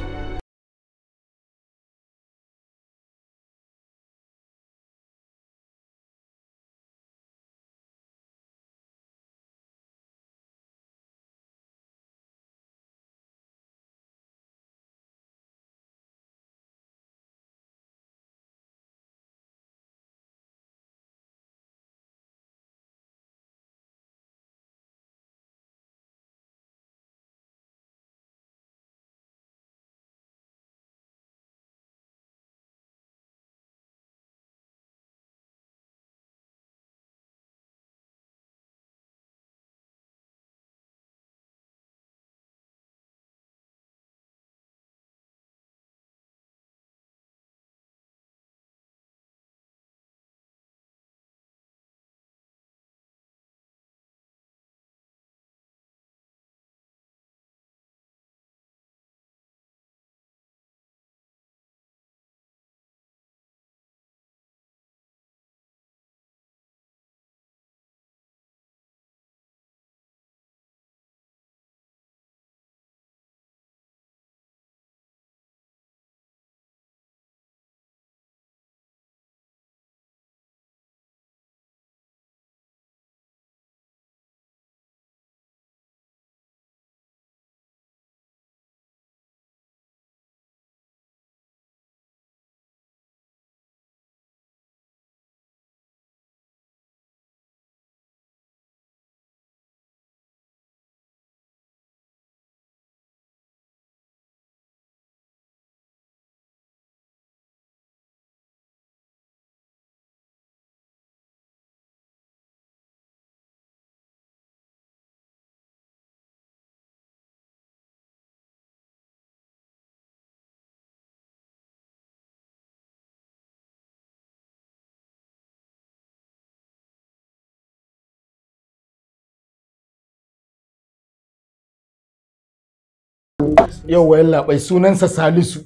yau wayan labai sunansa salisu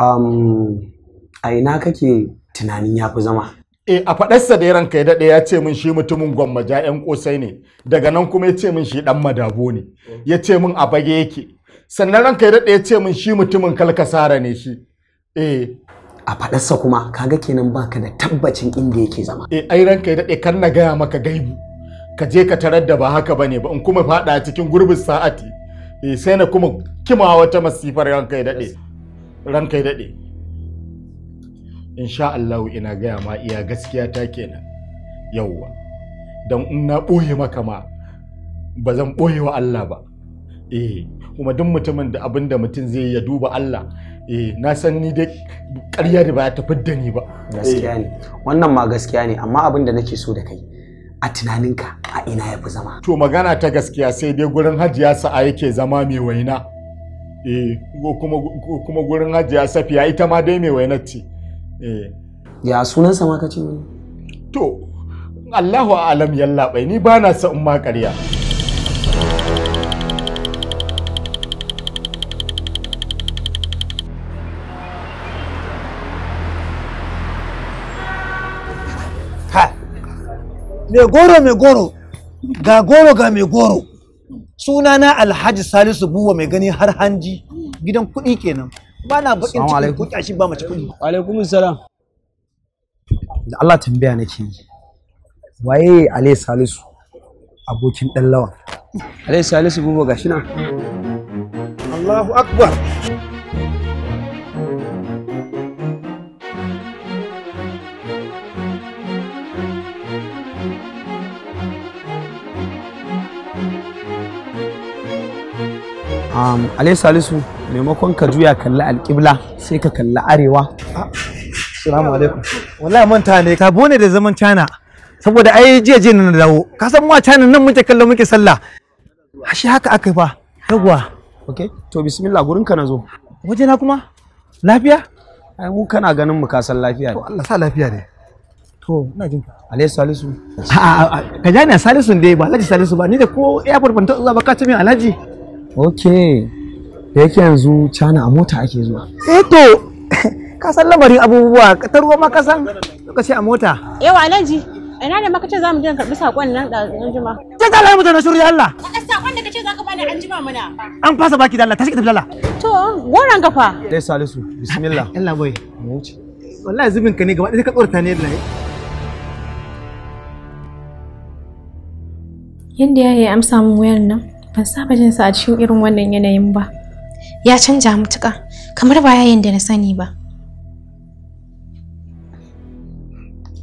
um, a ina kake tunanin ya fi zama e a faɗarsa da ranka ya daɗe ya ce min shi mutumin gwammaja 'yan ƙosai ne daga nan kuma ya ce min shi ɗan madabo ne ya ce min a bage yake sannan ranka ya daɗe ya ce min shi mutumin kalkasara ne shi e a faɗarsa kuma kaga kenan baka da tabbacin inda yake zama e ai ranka ya daɗe kan na gaya maka gaibu ka je ka tarar da ba haka bane ba in kuma fada cikin gurbin sa'ati eh, sai na kuma kima wata masifar ranka ya dade ranka ya dade insha Allah ina gaya ma iya gaskiya ta kenan yawwa don in na ɓoye maka ma ba zan ɓoye wa Allah ba eh kuma duk mutumin da abin da mutum zai ya duba Allah eh na san ni dai ƙarya da ba ta fidda ni ba gaskiya ne wannan ma gaskiya ne amma abin da nake so da kai a tunaninka a ina ya fi zama. To magana ta gaskiya sai dai gurin hajiya sa'a yake zama mai waina. Eh, kuma, kuma gurin hajiya safiya ita ma dai mai waina ce. Eh. Ya sunan ma ka ce To, Allahu alam yallaɓai ni ba na sa'un ma ƙarya. mai goro mai goro ga goro ga mai goro Suna na alhaji salisu buwa mai gani har hanji gidan kuɗi kenan ba na bakin cikin kuɗi shi ba mace kuɗi alaikum salam da Allah tambaya nake yi waye alai salisu abokin dan lawan alai salisu buwa gashi na Allahu akbar um, alai maimakon ka juya kalli alƙibla sai ka kalli arewa salamu alaikum wallahi manta ne ka bone da zaman china saboda ai jiya jiya na dawo ka san a cana nan muke kallon muke sallah ashe haka aka fa yawwa okay to bismillah gurin ka nazo waje na kuma lafiya ai mu kana ganin mu ka san lafiya ne to Allah sa lafiya ne to ina jin alai salisu a ka jani salisu dai ba alaji salisu ba ni da ko airport ban ta zuwa ba ka ce min alaji ok da yake yanzu cana a mota ake zuwa eh to [laughs] ka san lamarin abubuwa ta ruwa ma ka san lokaci a mota yawa alhaji ina ne ka ce za mu je karbi saƙon nan da anjima ta zala mu na shirin Allah saƙon da kace za ka bani anjima mana an fasa baki da Allah ta shiga tafi Allah to goran gafa dai salisu bismillah Allah boy mu wuce wallahi zubin ka ne gaba ɗaya ka tsorta ne Allah yanda ya amsa mun wayar nan ban saba jin sa a cikin irin wannan yanayin ba ya canja mutuka kamar ba yayin da na sani ba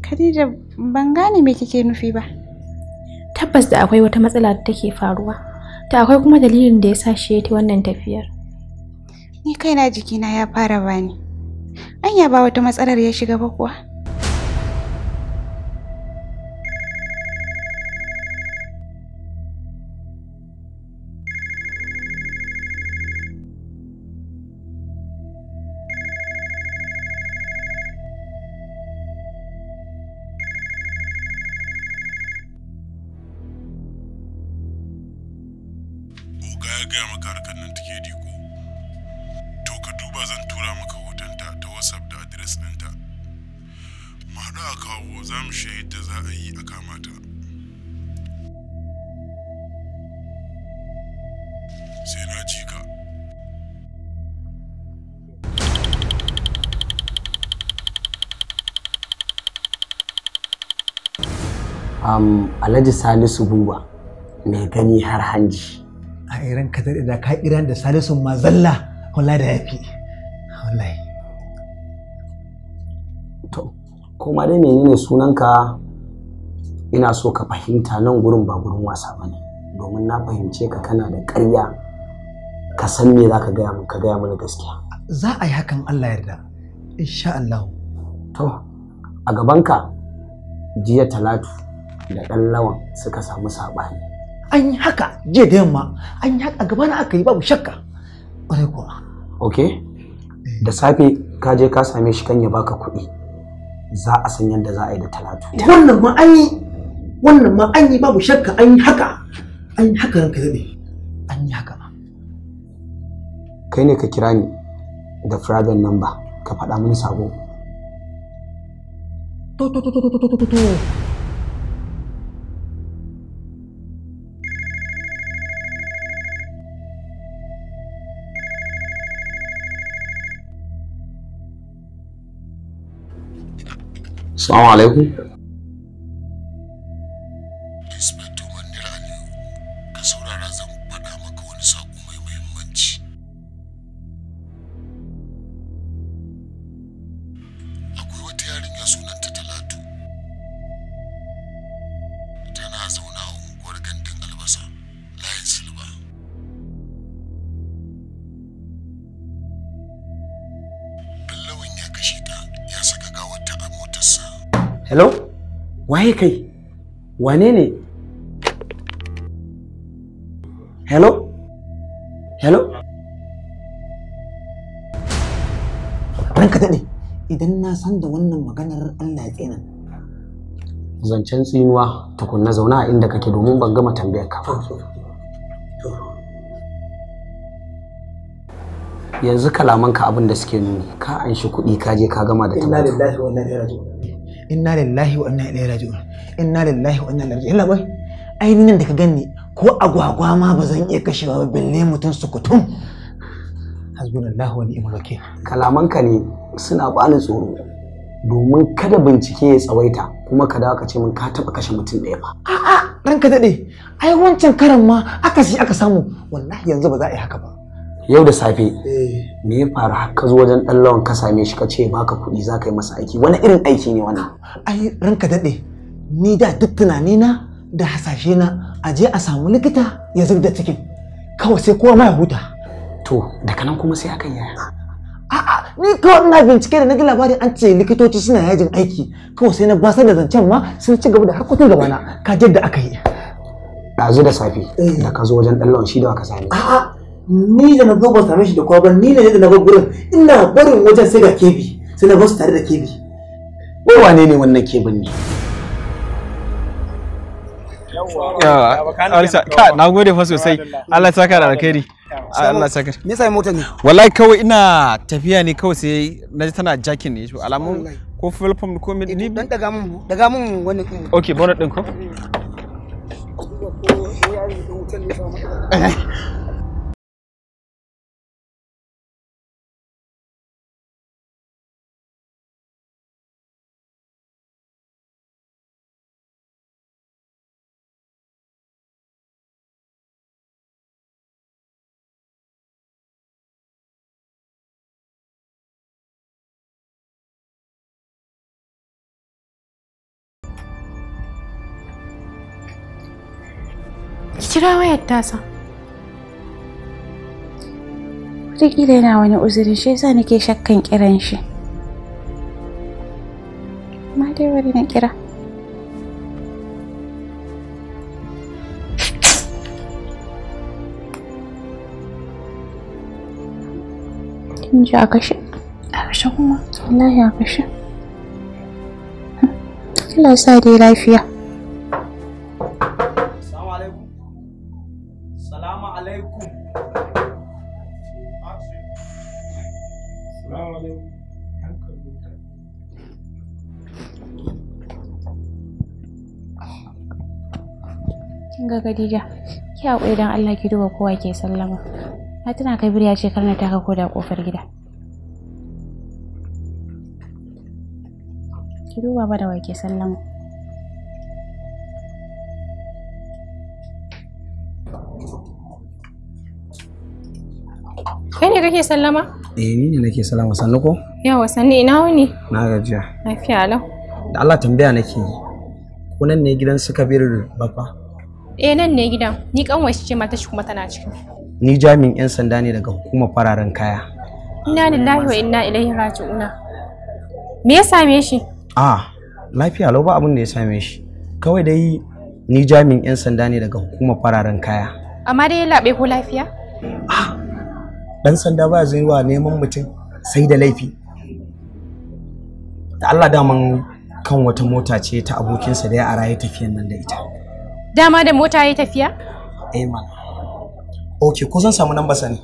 Khadija ban gane me kike nufi ba tabbas da akwai wata matsala da take faruwa ta akwai kuma dalilin da ya sa shi ta wannan tafiyar ni kaina jikina ya fara bani anya ba wata matsalar ya shiga ba kuwa gaya maka harkar nan take diko to ka duba zan tura maka hotonta ta whatsapp da adres ɗinta mu haɗu a kawo za mu shayi da za a yi a kamata sai na ji ka um, Alhaji Salisu Buba mai gani har hanji. kai ka da da ka iran da salisun mazalla wallahi da yafi wallahi to kuma dai menene sunanka ina so ka fahimta nan gurin ba gurin wasa ne domin na fahimce ka kana da ƙarya ka san me zaka gaya min ka gaya mana gaskiya za a yi hakan Allah yarda insha Allah to a gabanka jiya talatu da ɗan lawan suka samu saɓani an yi haka jiya da yamma an yi haka gaba na aka yi babu shakka ƙwarai kuwa ok da safe ka je ka same shi kan ya baka kuɗi za a san yadda za a yi da talatu wannan ma an yi wannan ma an yi babu shakka an yi haka an yi haka ranka daɗe an yi haka kai ne ka kira ni da private number ka faɗa mini sabo to to to to to to to Assalamu alaikum. waye kai wane ne hello hello ranka daɗe idan na san da wannan maganar allah ya tsina zancen tsinuwa tukunna zauna a inda kake domin ban gama tambayar ka yanzu kalamanka abin da suke nuni ka anshi kuɗi ka je ka gama da tambaya inna lillahi wa inna ilaihi raji'un inna lillahi wa inna ilaihi raji'un bai ainihin da ka ganni ko agwagwa ma bazan iya kashewa ba balle mutum kutum hasbunallahu wa ni'mal wakil kalamanka ne suna bani tsoro domin kada bincike ya tsawaita kuma ka dawo ka ce min ka taba kashe mutum ɗaya ba a'a ranka dade ai wancan karan ma aka shi aka samu wallahi yanzu ba za a yi haka ba yau da safe eh. me ya faru har ka zo wajen dan lawan ka same shi ka ce baka kuɗi za ka yi masa aiki wani irin aiki ne wannan ai ranka daɗe ni da duk tunani na da hasashe na a je a samu likita ya zubda da cikin kawai sai kowa ma ya huta to daga nan kuma sai akan yaya a'a ni kawai ina bincike da naji labari an ce likitoci suna yajin aiki kawai sai na basar da zancen ma sun ci gaba da harkokin gabana ka da aka yi ɗazu da safe eh. da ka zo wajen ɗan lawan shi da aka same a'a ni da na zo ba same shi da kwa kwaba ni ne da na bar gurin ina barin wajen sai ga kebi sai na basu tare da kebi ko wane ne wannan kebin ne ah, Alisa, ka na gode fa sosai. Allah saka da alkhairi. Ah, Allah saka. Me sai mota ne? Wallahi kawai ina tafiya ne kawai sai na tana jakin ne. Alamun ko fuel pump ko ni dan daga mun daga mun wannan din. Okay, bonus din ko? [laughs] [laughs] jira wayar yana wani uzurin shi yasa nake shakkan kiran shi amma dai bari na kira kin ji a kashe a kashe kuma wallahi a kashe Allah ya sa dai lafiya Khadija ki haƙuri dan Allah ki duba kowa ke sallama na tana kai ya ce karna ta ko da kofar gida ki duba ba da wa ke sallama kai ne kake sallama eh ni ne nake sallama sannu ko yawa sannu ina wani. na gajiya lafiya lau da Allah tambaya nake yi ko nan ne gidan su kabiru babba eh nan ne gidan ni wace ce mata shi kuma tana ciki ni jami'in yan sanda ne daga hukumar fararen kaya inna lillahi wa inna ilaihi raji'una me ya same shi a lafiya lau ba abin da ya same shi kawai dai ni jami'in yan sanda ne daga hukumar fararen kaya amma dai ya labe ko lafiya a dan sanda ba zai wa neman mutum sai da laifi da Allah daman kan wata mota ce ta abokinsa da ya a raye tafiyan nan da ita Dama da mota ya tafiya? Eh mana. Okay, ko zan samu nan basa ne?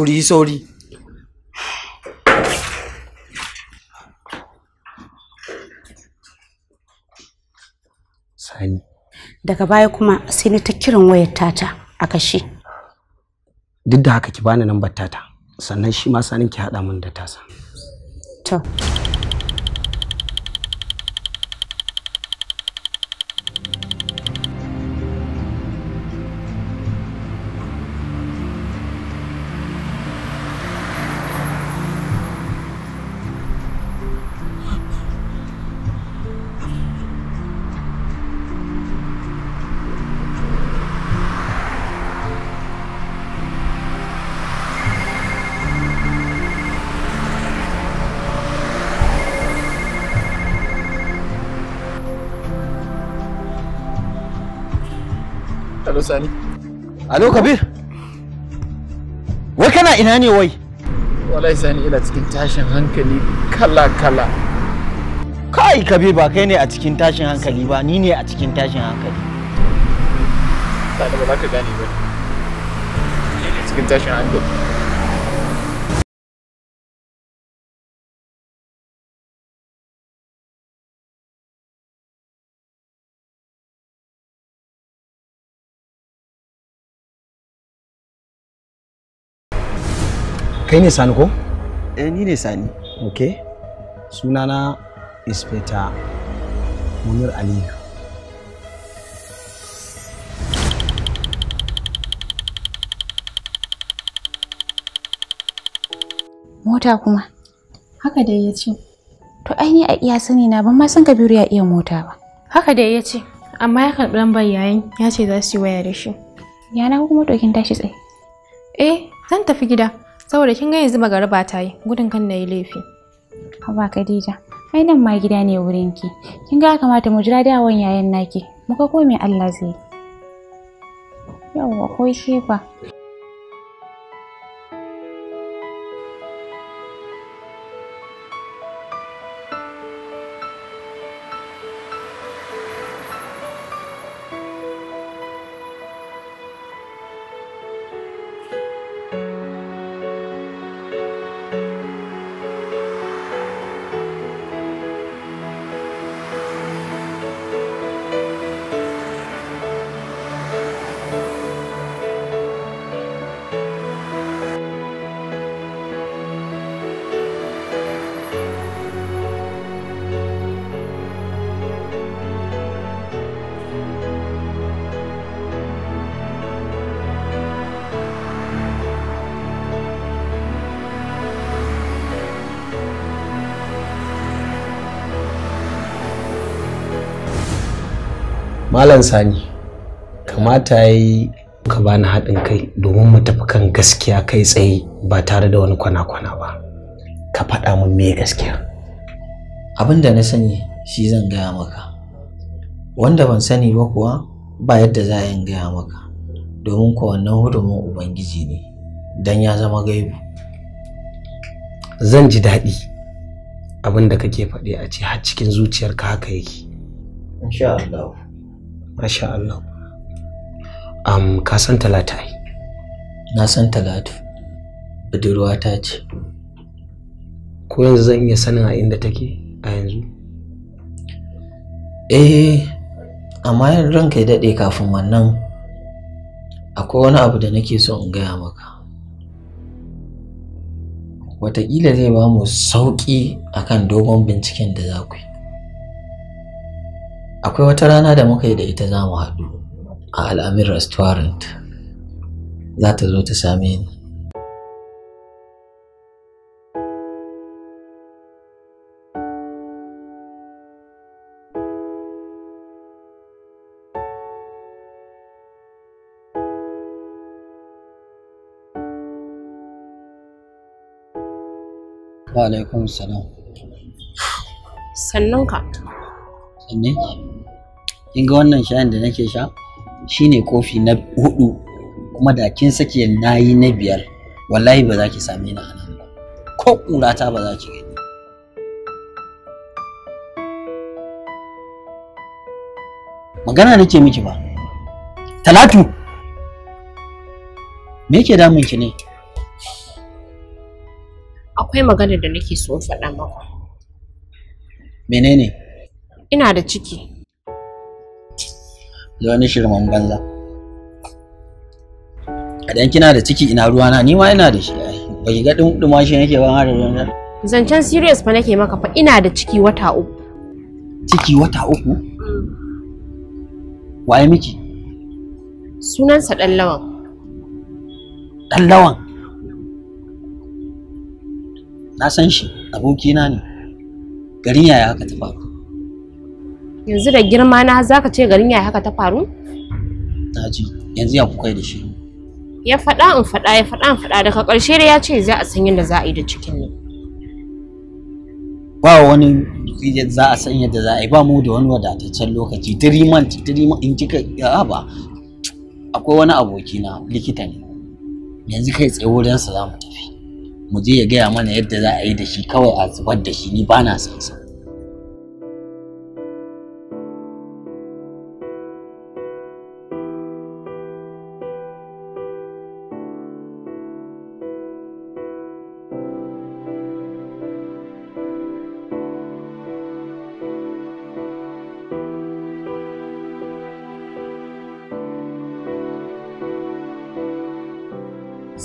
sauri sauri sani daga baya kuma sai ni ta kiran wayar tata a kashe duk da haka ki bani lambar tata sannan shi ma sanin ki haɗa mun da tasa to Alo Sani. Alo Kabir. Wai kana ina ne wai? Wallahi Sani ina cikin tashin hankali kala-kala. Kai Kabir ba kai ne a cikin tashin hankali ba, ni ne a cikin tashin hankali. Sani ba za ka gane ba. Ni ne cikin tashin hankali. kai ne sani ko eh ni ne sani okay sunana inspector munir aliyu mota kuma haka dai ya ce to aini a iya sani na ban ma san kabiru ya iya mota ba haka dai ya ce amma ya karɓi lambar yayin ya ce za su yi waya da shi yana kuma dokin tashi tsaye eh zan tafi gida saboda kin ga yanzu magariba ta yi gudun kan na yi laifi haba khadija ai nan ma gida ne wurin ki kin ga kamata mu jira dawon yayan naki muka ko me Allah zai yawa ko shi ba malam sani kamata ya yi ka bani haɗin kai domin mu tafi kan gaskiya kai tsaye ba tare da wani kwana-kwana ba ka faɗa mun me gaskiya abin da na sani shi zan gaya maka wanda ban sani ba kuwa ba yadda za a gaya maka domin kuwa wannan hudumin ubangiji ne don ya zama gaibu zan ji daɗi abin da kake faɗi a ce har cikin zuciyarka haka yake insha Allah Masha Allah. Um, ka san talata Na san talatu. Budurwa ta ce. Ko yanzu zan iya sanin a inda take a yanzu? Eh, amma yin ranka ya daɗe kafin wannan akwai wani abu da nake so in gaya maka. Wataƙila zai ba mu sauƙi akan dogon binciken da za ku yi. akwai wata rana da muka yi da ita za mu haɗu a al'amin restaurant za ta zo ta same ni Wa alaikun salam. Sannunka. sannan kin ga wannan shayin da nake sha shine kofi na hudu kuma da kin sake nayi na biyar wallahi ba za ki same ni a nan ba ko ƙurata ba za ki gani magana nake miki ba talatu me yake damun ki ne akwai magana da nake so faɗa maka menene ina da ciki da wani shirman banza idan kina da ciki ina ruwana ni ma ina da shi ba ki ga dumduma shi yake ban har ruwan zancen serious fa nake maka fa ina da ciki wata uku ciki wata uku mm. waye miki sunansa dan lawan dan lawan na san shi abokina ne garin yaya haka tafi yanzu da girma na za ka ce garin yaya haka ta faru? Na yanzu ya kuka da shi. Ya faɗa in faɗa ya faɗa in faɗa daga ƙarshe da ya ce za a san yadda za a yi da cikin nan. Ba wani za a san yadda za a yi ba mu da wani wadataccen lokaci three months three months in kika a ba akwai wani aboki na likita ne yanzu kai tsaye wurinsa za mu tafi mu je ya gaya mana yadda za a yi da shi kawai a zubar da shi ni ba na san sa.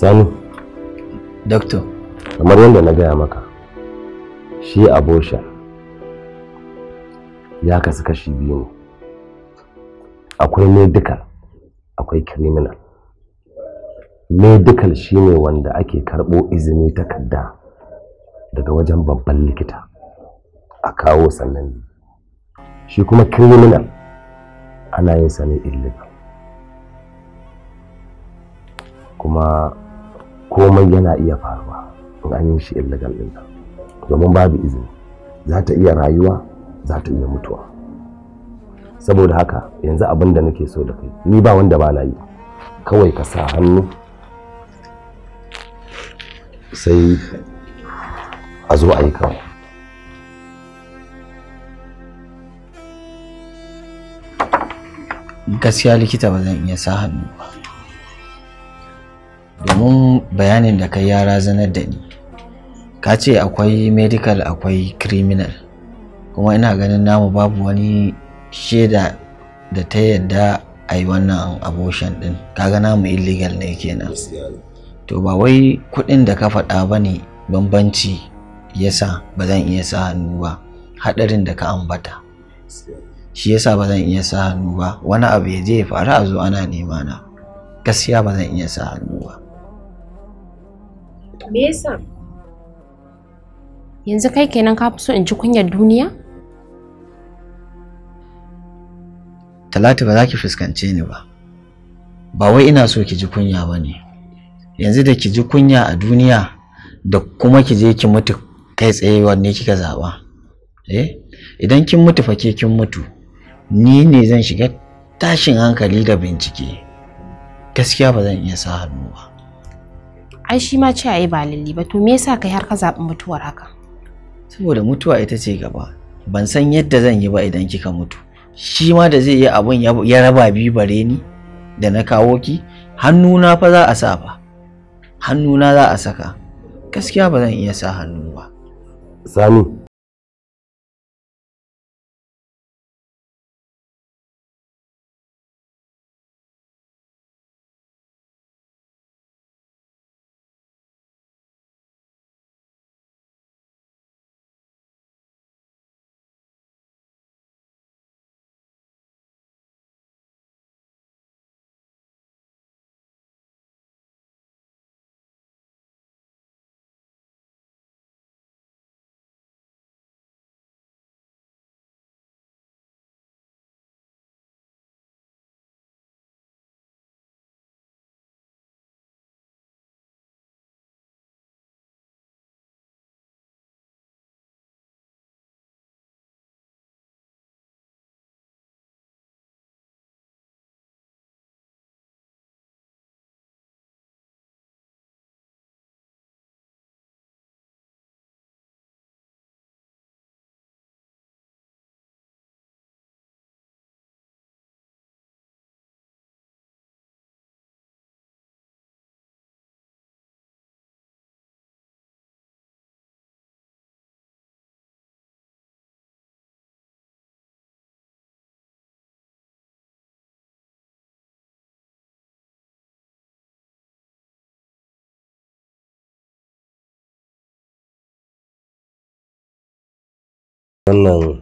sani doctor kamar yadda na gaya maka shi abosha ya kasu kashi biyu ne akwai medical akwai criminal medical shine wanda ake karɓo izini takarda daga wajen babban likita a kawo sannan shi kuma criminal ana yin sa ne illegal kuma komai yana iya faruwa in an yi shi illegal din nan domin babu izini za ta iya rayuwa za ta iya mutuwa saboda haka yanzu abin da nake so da kai ni ba wanda ba na yi kawai ka sa hannu sai a zo a yi kawai gaskiya likita ba zan iya sa hannu ba domin bayanin da kai ya razanar da ni ka ce akwai medical akwai criminal kuma ina ganin namu babu wani shaida da ta yadda a yi wannan abortion din kaga namu illegal ne kenan to ba wai kuɗin da ka faɗa ba ne bambanci yasa ba zan iya sa hannu ba haɗarin da ka ambata shi yasa ba zan iya sa hannu ba wani abu ya je ya faru a zo ana nema na gaskiya ba zan iya sa hannu ba me yasa yanzu kai kenan ka so in ji kunyar duniya talatu ba za ki fuskance ni ba ba wai ina so ki ji kunya ba ne yanzu da ki ji kunya a duniya da kuma ki je ki mutu kai tsaye wanne kika zaɓa eh idan kin mutu fa ke kin mutu ni ne zan shiga tashin hankali da bincike gaskiya ba zan iya sa hannu ba ai shi ma ce ai ba lalle ba to me yasa kai har ka zaɓi mutuwar haka saboda mutuwa ita ce gaba ban san yadda zan yi ba idan kika mutu shi ma da zai yi abun ya raba biyu bare ni da na kawo ki hannuna fa za a sa ba hannuna za a saka gaskiya ba zan iya sa hannu ba sani wannan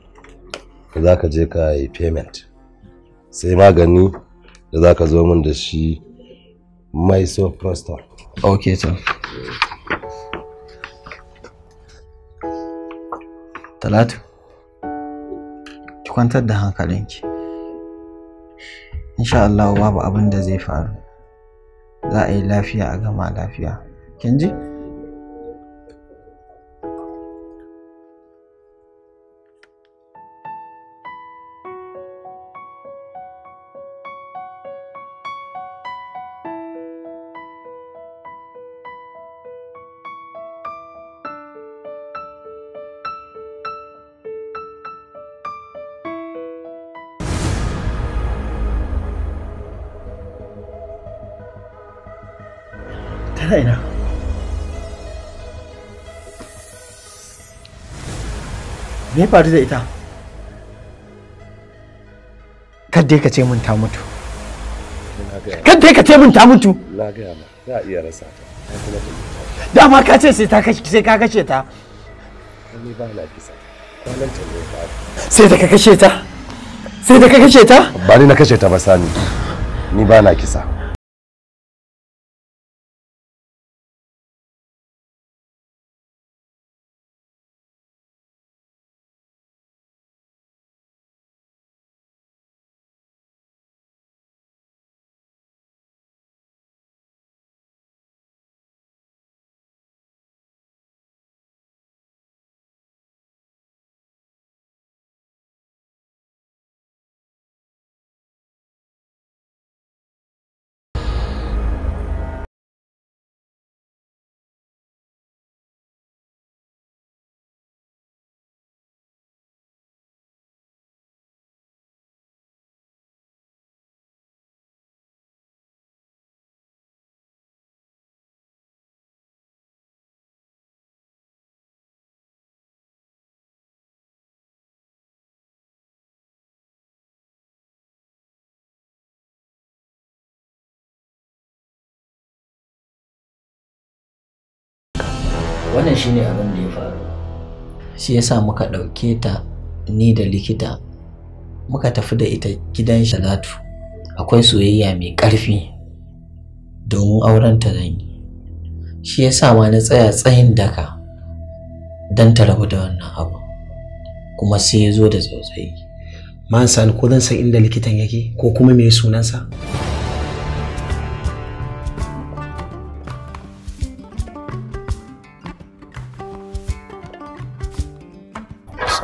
za ka je ka yi payment sai magani da za ka zo min da shi misoprostol ok to talatu ki kwantar da hankalinki insha Allah babu abin da zai faru za a yi lafiya a gama lafiya kin ji? me faru da ita kadda ka ce mun ta mutu kadda ka ce mun ta mutu na gaya ma za a iya rasa ta dama ka ce sai ta sai ka kashe ta ni ba kisa ne ba sai da ka kashe ta sai da ka kashe ta ba ni na kashe ta ba sani ni ba na kisa wannan shine abin da ya faru shi yasa muka ɗauke ta ni da likita muka tafi da ita gidan Shalatu akwai soyayya mai ƙarfi domin auren ta zan yi shi yasa ma na tsaya tsayin daka don ta rabu da wannan abu kuma sai ya zo da tsautsayi man san ko zan san inda likitan yake ko kuma me sunansa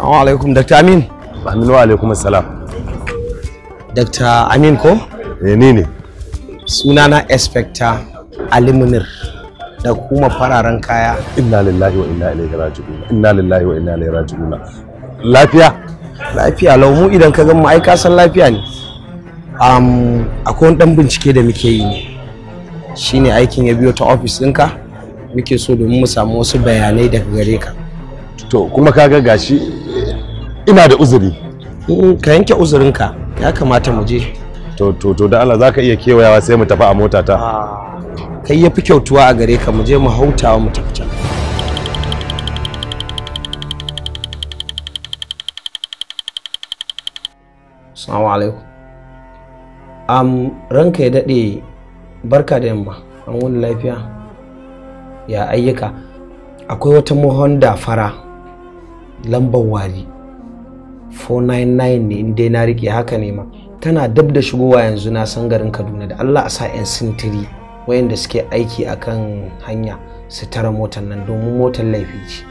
Assalamu alaikum Dr. Amin. Amin wa alaikum assalam. Dr. Amin ko? Eh ni ne. Sunana Inspector Ali Munir da kuma fararen kaya. Inna lillahi wa inna ilaihi raji'un. Inna lillahi wa inna ilaihi raji'un. Lafiya? Lafiya law mu idan ka gan mu ai ka san lafiya ne. Um, akwai wani dan bincike da muke yi ne. Shine aikin ya biyo ta office ɗinka muke so domin mu samu wasu bayanai daga gare ka. To kuma kaga gashi ina da uzuri mm, ka yanke uzurinka ya kamata mu je to to to da Allah zaka iya kewayawa sai mu tafi a mota ta ah, kai yafi kyautuwa a gare ka mu je mu hautawa mu tafi can Assalamu alaikum. Am ranka ya daɗe barka da yamma an wuni lafiya ya ayyuka akwai wata da fara lambar wari 499 ne in dai na rike haka ne ma tana dab da shigowa yanzu na san garin kaduna da allah a sa 'yan sintiri wayanda suke aiki akan hanya su tara motar nan domin motar laifi ce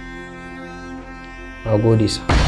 na gode sa